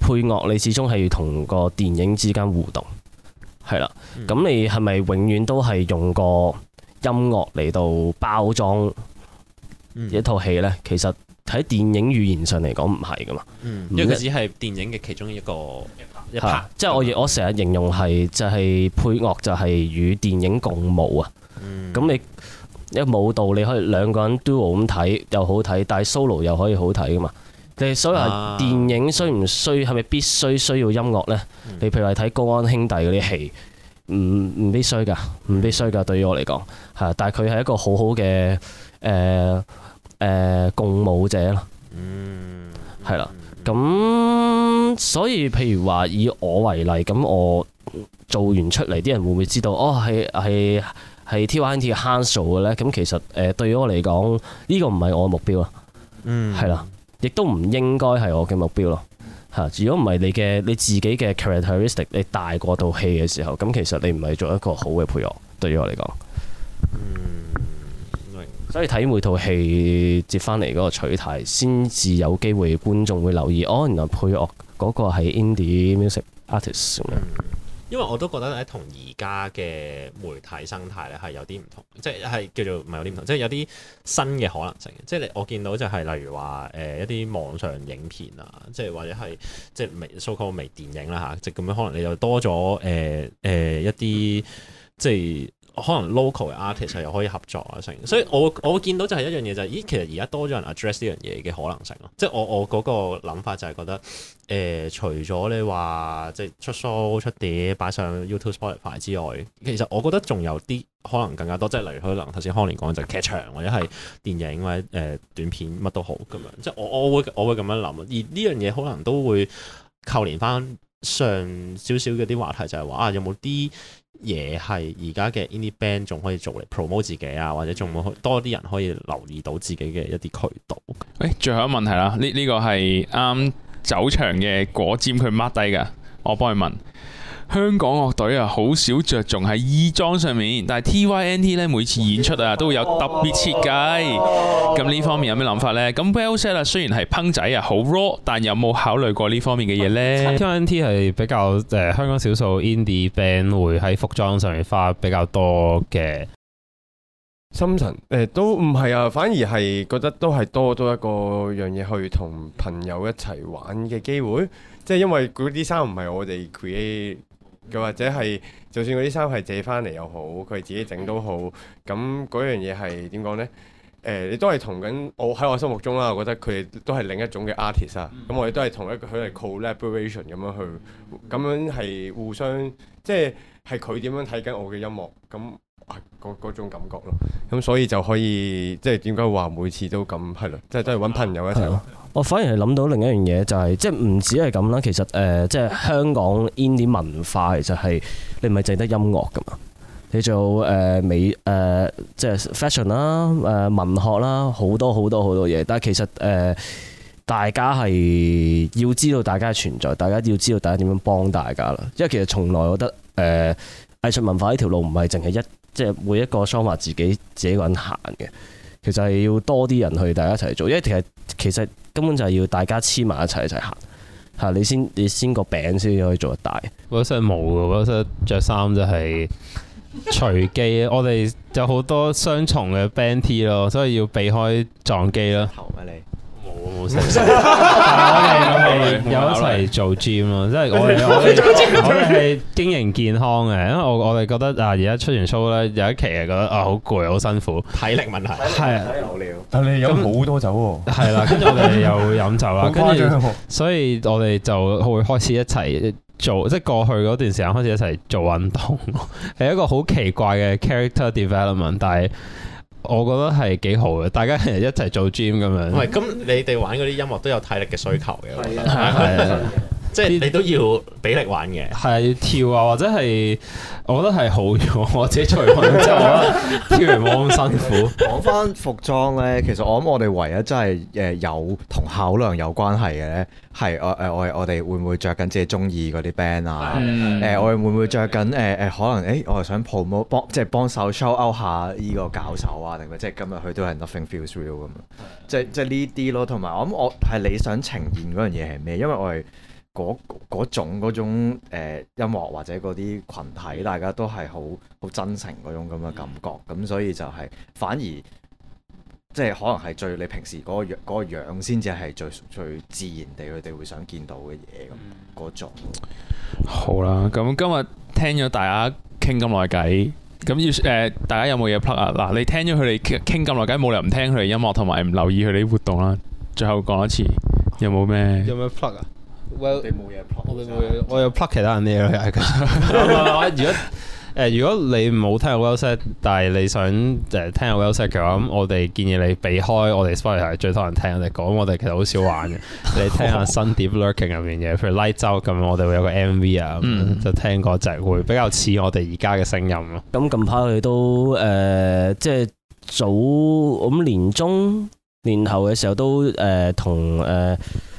配樂你始終係要同個電影之間互動，係啦，咁你係咪永遠都係用個音樂嚟到包裝一套戲咧？其實、嗯。嗯睇電影語言上嚟講唔係噶嘛、嗯，因為佢只係電影嘅其中一個一 part，即係我、嗯、我成日形容係就係、是、配樂就係與電影共舞啊。咁、嗯、你一舞蹈你可以兩個人 dual 咁睇又好睇，但係 solo 又可以好睇噶嘛。你所以話電影需唔需係咪必須需要音樂咧？嗯、你譬如話睇高安兄弟嗰啲戲，唔唔必須噶，唔必須噶。對於我嚟講係，但係佢係一個好好嘅誒。呃誒、呃、共舞者咯，嗯，係啦，咁所以譬如話以我為例，咁我做完出嚟啲人會唔會知道哦係係係 TYNT 嘅 Hanz 咧？咁其實誒、呃、對於我嚟講呢個唔係我目標啊，嗯，係啦，亦都唔應該係我嘅目標咯，嚇！如果唔係你嘅你自己嘅 characteristic，你大過套戲嘅時候，咁其實你唔係做一個好嘅配樂，對於我嚟講，嗯。所以睇每套戲接翻嚟嗰個取題，先至有機會觀眾會留意。哦，原來配樂嗰個係 Indie Music Artist。嗯，因為我都覺得咧，同而家嘅媒體生態咧係有啲唔同，即係叫做唔係有啲唔同，即係有啲新嘅可能性。即係我見到就係例如話誒呃一啲網上影片啊，即係或者係即係微 so-call 微電影啦嚇，即咁樣可能你就多咗誒誒一啲即係。可能 local 嘅 artist 又可以合作啊，成所以我會我會見到就係一樣嘢就係，咦，其實而家多咗人 address 呢樣嘢嘅可能性咯。即係我我嗰個諗法就係覺得，誒、呃，除咗你話即係出 show 出碟擺上 YouTube Spotify 之外，其實我覺得仲有啲可能更加多，即係例如可能頭先康年講就劇場或者係電影或者誒短片乜都好咁樣。即係我我會我會咁樣諗，而呢樣嘢可能都會扣連翻。上少少嘅啲話題就係話啊，有冇啲嘢係而家嘅 indie band 仲可以做嚟 promote 自己啊，或者仲冇多啲人可以留意到自己嘅一啲渠道？誒、欸，最後一問題啦，呢呢、這個係啱、嗯、走場嘅果占佢 mark 低噶，我幫佢問。香港樂隊啊，好少着重喺衣裝上面，但係 T Y N T 咧，每次演出啊，都會有特別設計。咁呢、哦哦、方面有咩諗法呢？咁 Wellsaid 啊，雖然係 punk 仔啊，好 raw，但有冇考慮過呢方面嘅嘢呢？嗯、T Y N T 係比較誒、呃、香港少數 indie band 會喺服裝上面花比較多嘅。深層誒、呃，都唔係啊，反而係覺得都係多咗一個樣嘢，去同朋友一齊玩嘅機會。即、就、係、是、因為嗰啲衫唔係我哋 create。又或者係，就算嗰啲衫係借翻嚟又好，佢自己整都好，咁嗰樣嘢係點講呢？誒、呃，你都係同緊我喺我心目中啦，我覺得佢哋都係另一種嘅 artist 啊。咁、嗯嗯嗯、我哋都係同一個佢係 collaboration 咁樣去，咁樣係互相，即係係佢點樣睇緊我嘅音樂，咁嗰嗰種感覺咯。咁所以就可以，即係點解話每次都咁係咯。即係都係揾朋友一齊咯。啊啊啊我反而係諗到另一樣嘢，就係、是、即係唔止係咁啦。其實誒、呃，即係香港 indie 文化，其實係你唔係淨得音樂噶嘛？你做誒、呃、美誒、呃，即係 fashion 啦、呃、誒文學啦，好多好多好多嘢。但係其實誒、呃，大家係要知道大家嘅存在，大家要知道大家點樣幫大家啦。因為其實從來我覺得誒，藝、呃、術文化呢條路唔係淨係一即係每一個方法自己自己一個人行嘅，其實係要多啲人去大家一齊做。因為其實其實。根本就係要大家黐埋一齊一齊行吓你先你先個餅先可以做得大。我覺得冇喎，我覺得著衫就係隨機。 我哋有好多雙重嘅 band T 咯，所以要避開撞機咯。 我哋有， 有一齊做 gym 咯，即係我哋。 我哋係經營健康嘅， 因為我我哋覺得啊，而家出完 show 咧有一期係覺得啊好攰好辛苦，體力問題係，太油了，但係飲好多酒喎，係啦、 啊，跟住我哋又飲酒啦，跟住，所以我哋就會開始一齊做，即係過去嗰段時間開始一齊做運動，係 一個好奇怪嘅 character development，但係。我覺得係幾好嘅，大家一齊做 gym 咁樣。唔係，咁你哋玩嗰啲音樂都有體力嘅需求嘅。係啊。即係你都要俾力玩嘅，係跳啊，或者係我覺得係好用，或者做完之後跳完冇咁辛苦。講翻 服裝咧，其實我諗我哋唯一真係誒有同考量有關係嘅咧，係誒誒我我哋會唔會着緊自己中意嗰啲 band 啊？誒我哋會唔會着緊誒誒可能誒、欸、我係想 promote 幫即係幫手 show out 下呢個教授啊？定係即係今日佢都係 nothing feels real 咁啊？即係即係呢啲咯。同埋我諗我係你想呈現嗰樣嘢係咩？因為我係。嗰嗰種，種、呃、音樂或者嗰啲群體，大家都係好好真誠嗰種咁嘅感覺，咁、嗯、所以就係、是、反而即係、就是、可能係最你平時嗰個樣嗰個樣先至係最最自然地佢哋會想見到嘅嘢咁嗰種。嗯、種好啦，咁今日聽咗大家傾咁耐偈，咁要誒、呃、大家有冇嘢 plug 啊？嗱，你聽咗佢哋傾咁耐偈，冇理由唔聽佢哋音樂同埋唔留意佢哋啲活動啦。最後講一次，有冇咩？有冇 plug 啊？Well, 你冇嘢 plug，我有 plug 其他人啲嘢。 如果誒，如果你冇聽 Wellsaid，但係你想誒聽 Wellsaid 嘅話，咁我哋建議你避開我哋 Spotify 最多人聽我哋歌，我哋其實好少玩嘅。 你聽下新碟 Lurking 入邊嘅，譬 如 Light 周咁，我哋會有個 MV 啊、嗯，就聽就只會比較似我哋而家嘅聲音咯。咁近排佢都誒，即、呃、係、就是、早咁年中年後嘅時候都誒同誒。呃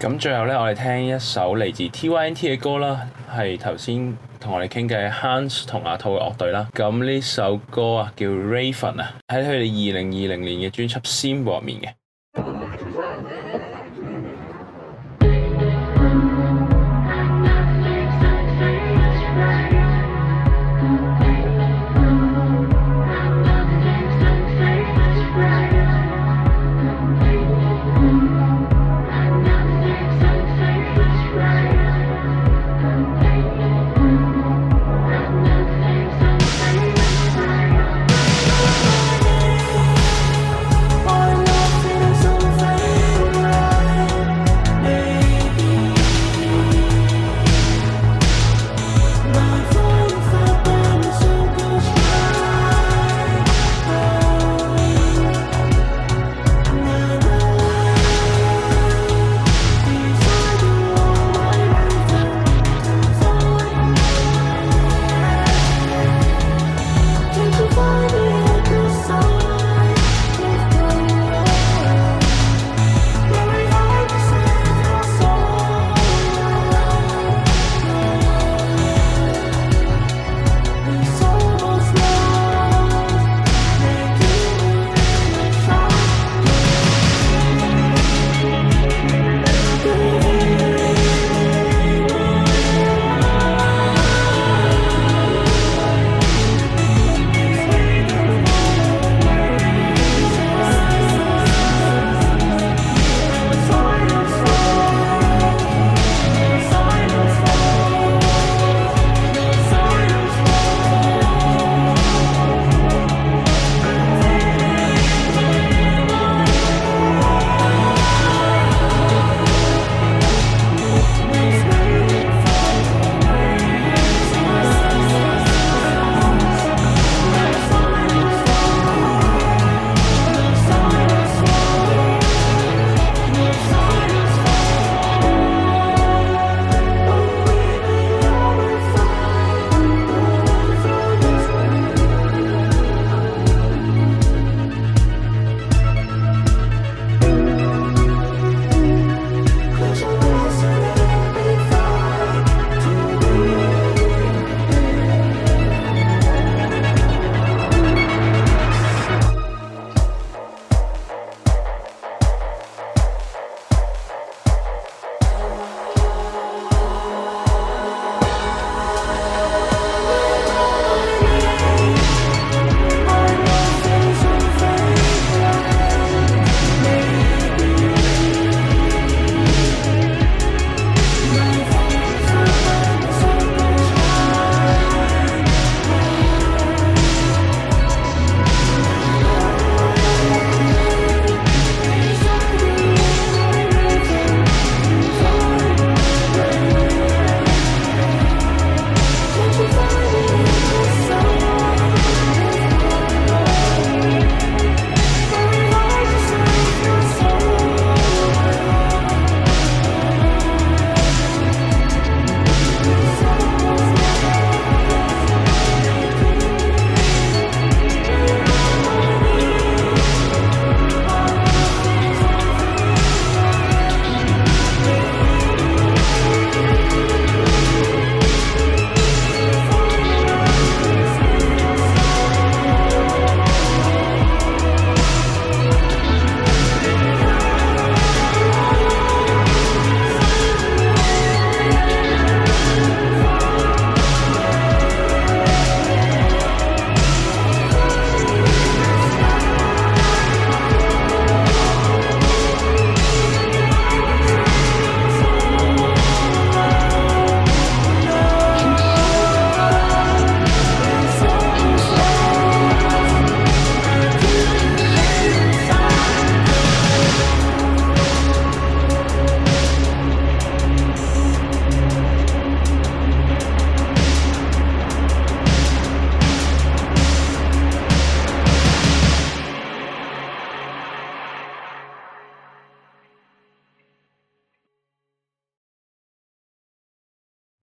咁最後咧，我哋聽一首嚟自 TYNT 嘅歌啦，係頭先同我哋傾偈，Hans 同阿兔嘅樂隊啦。咁呢首歌啊，叫 Raven 啊，喺佢哋二零二零年嘅專輯 Symbol 入面嘅。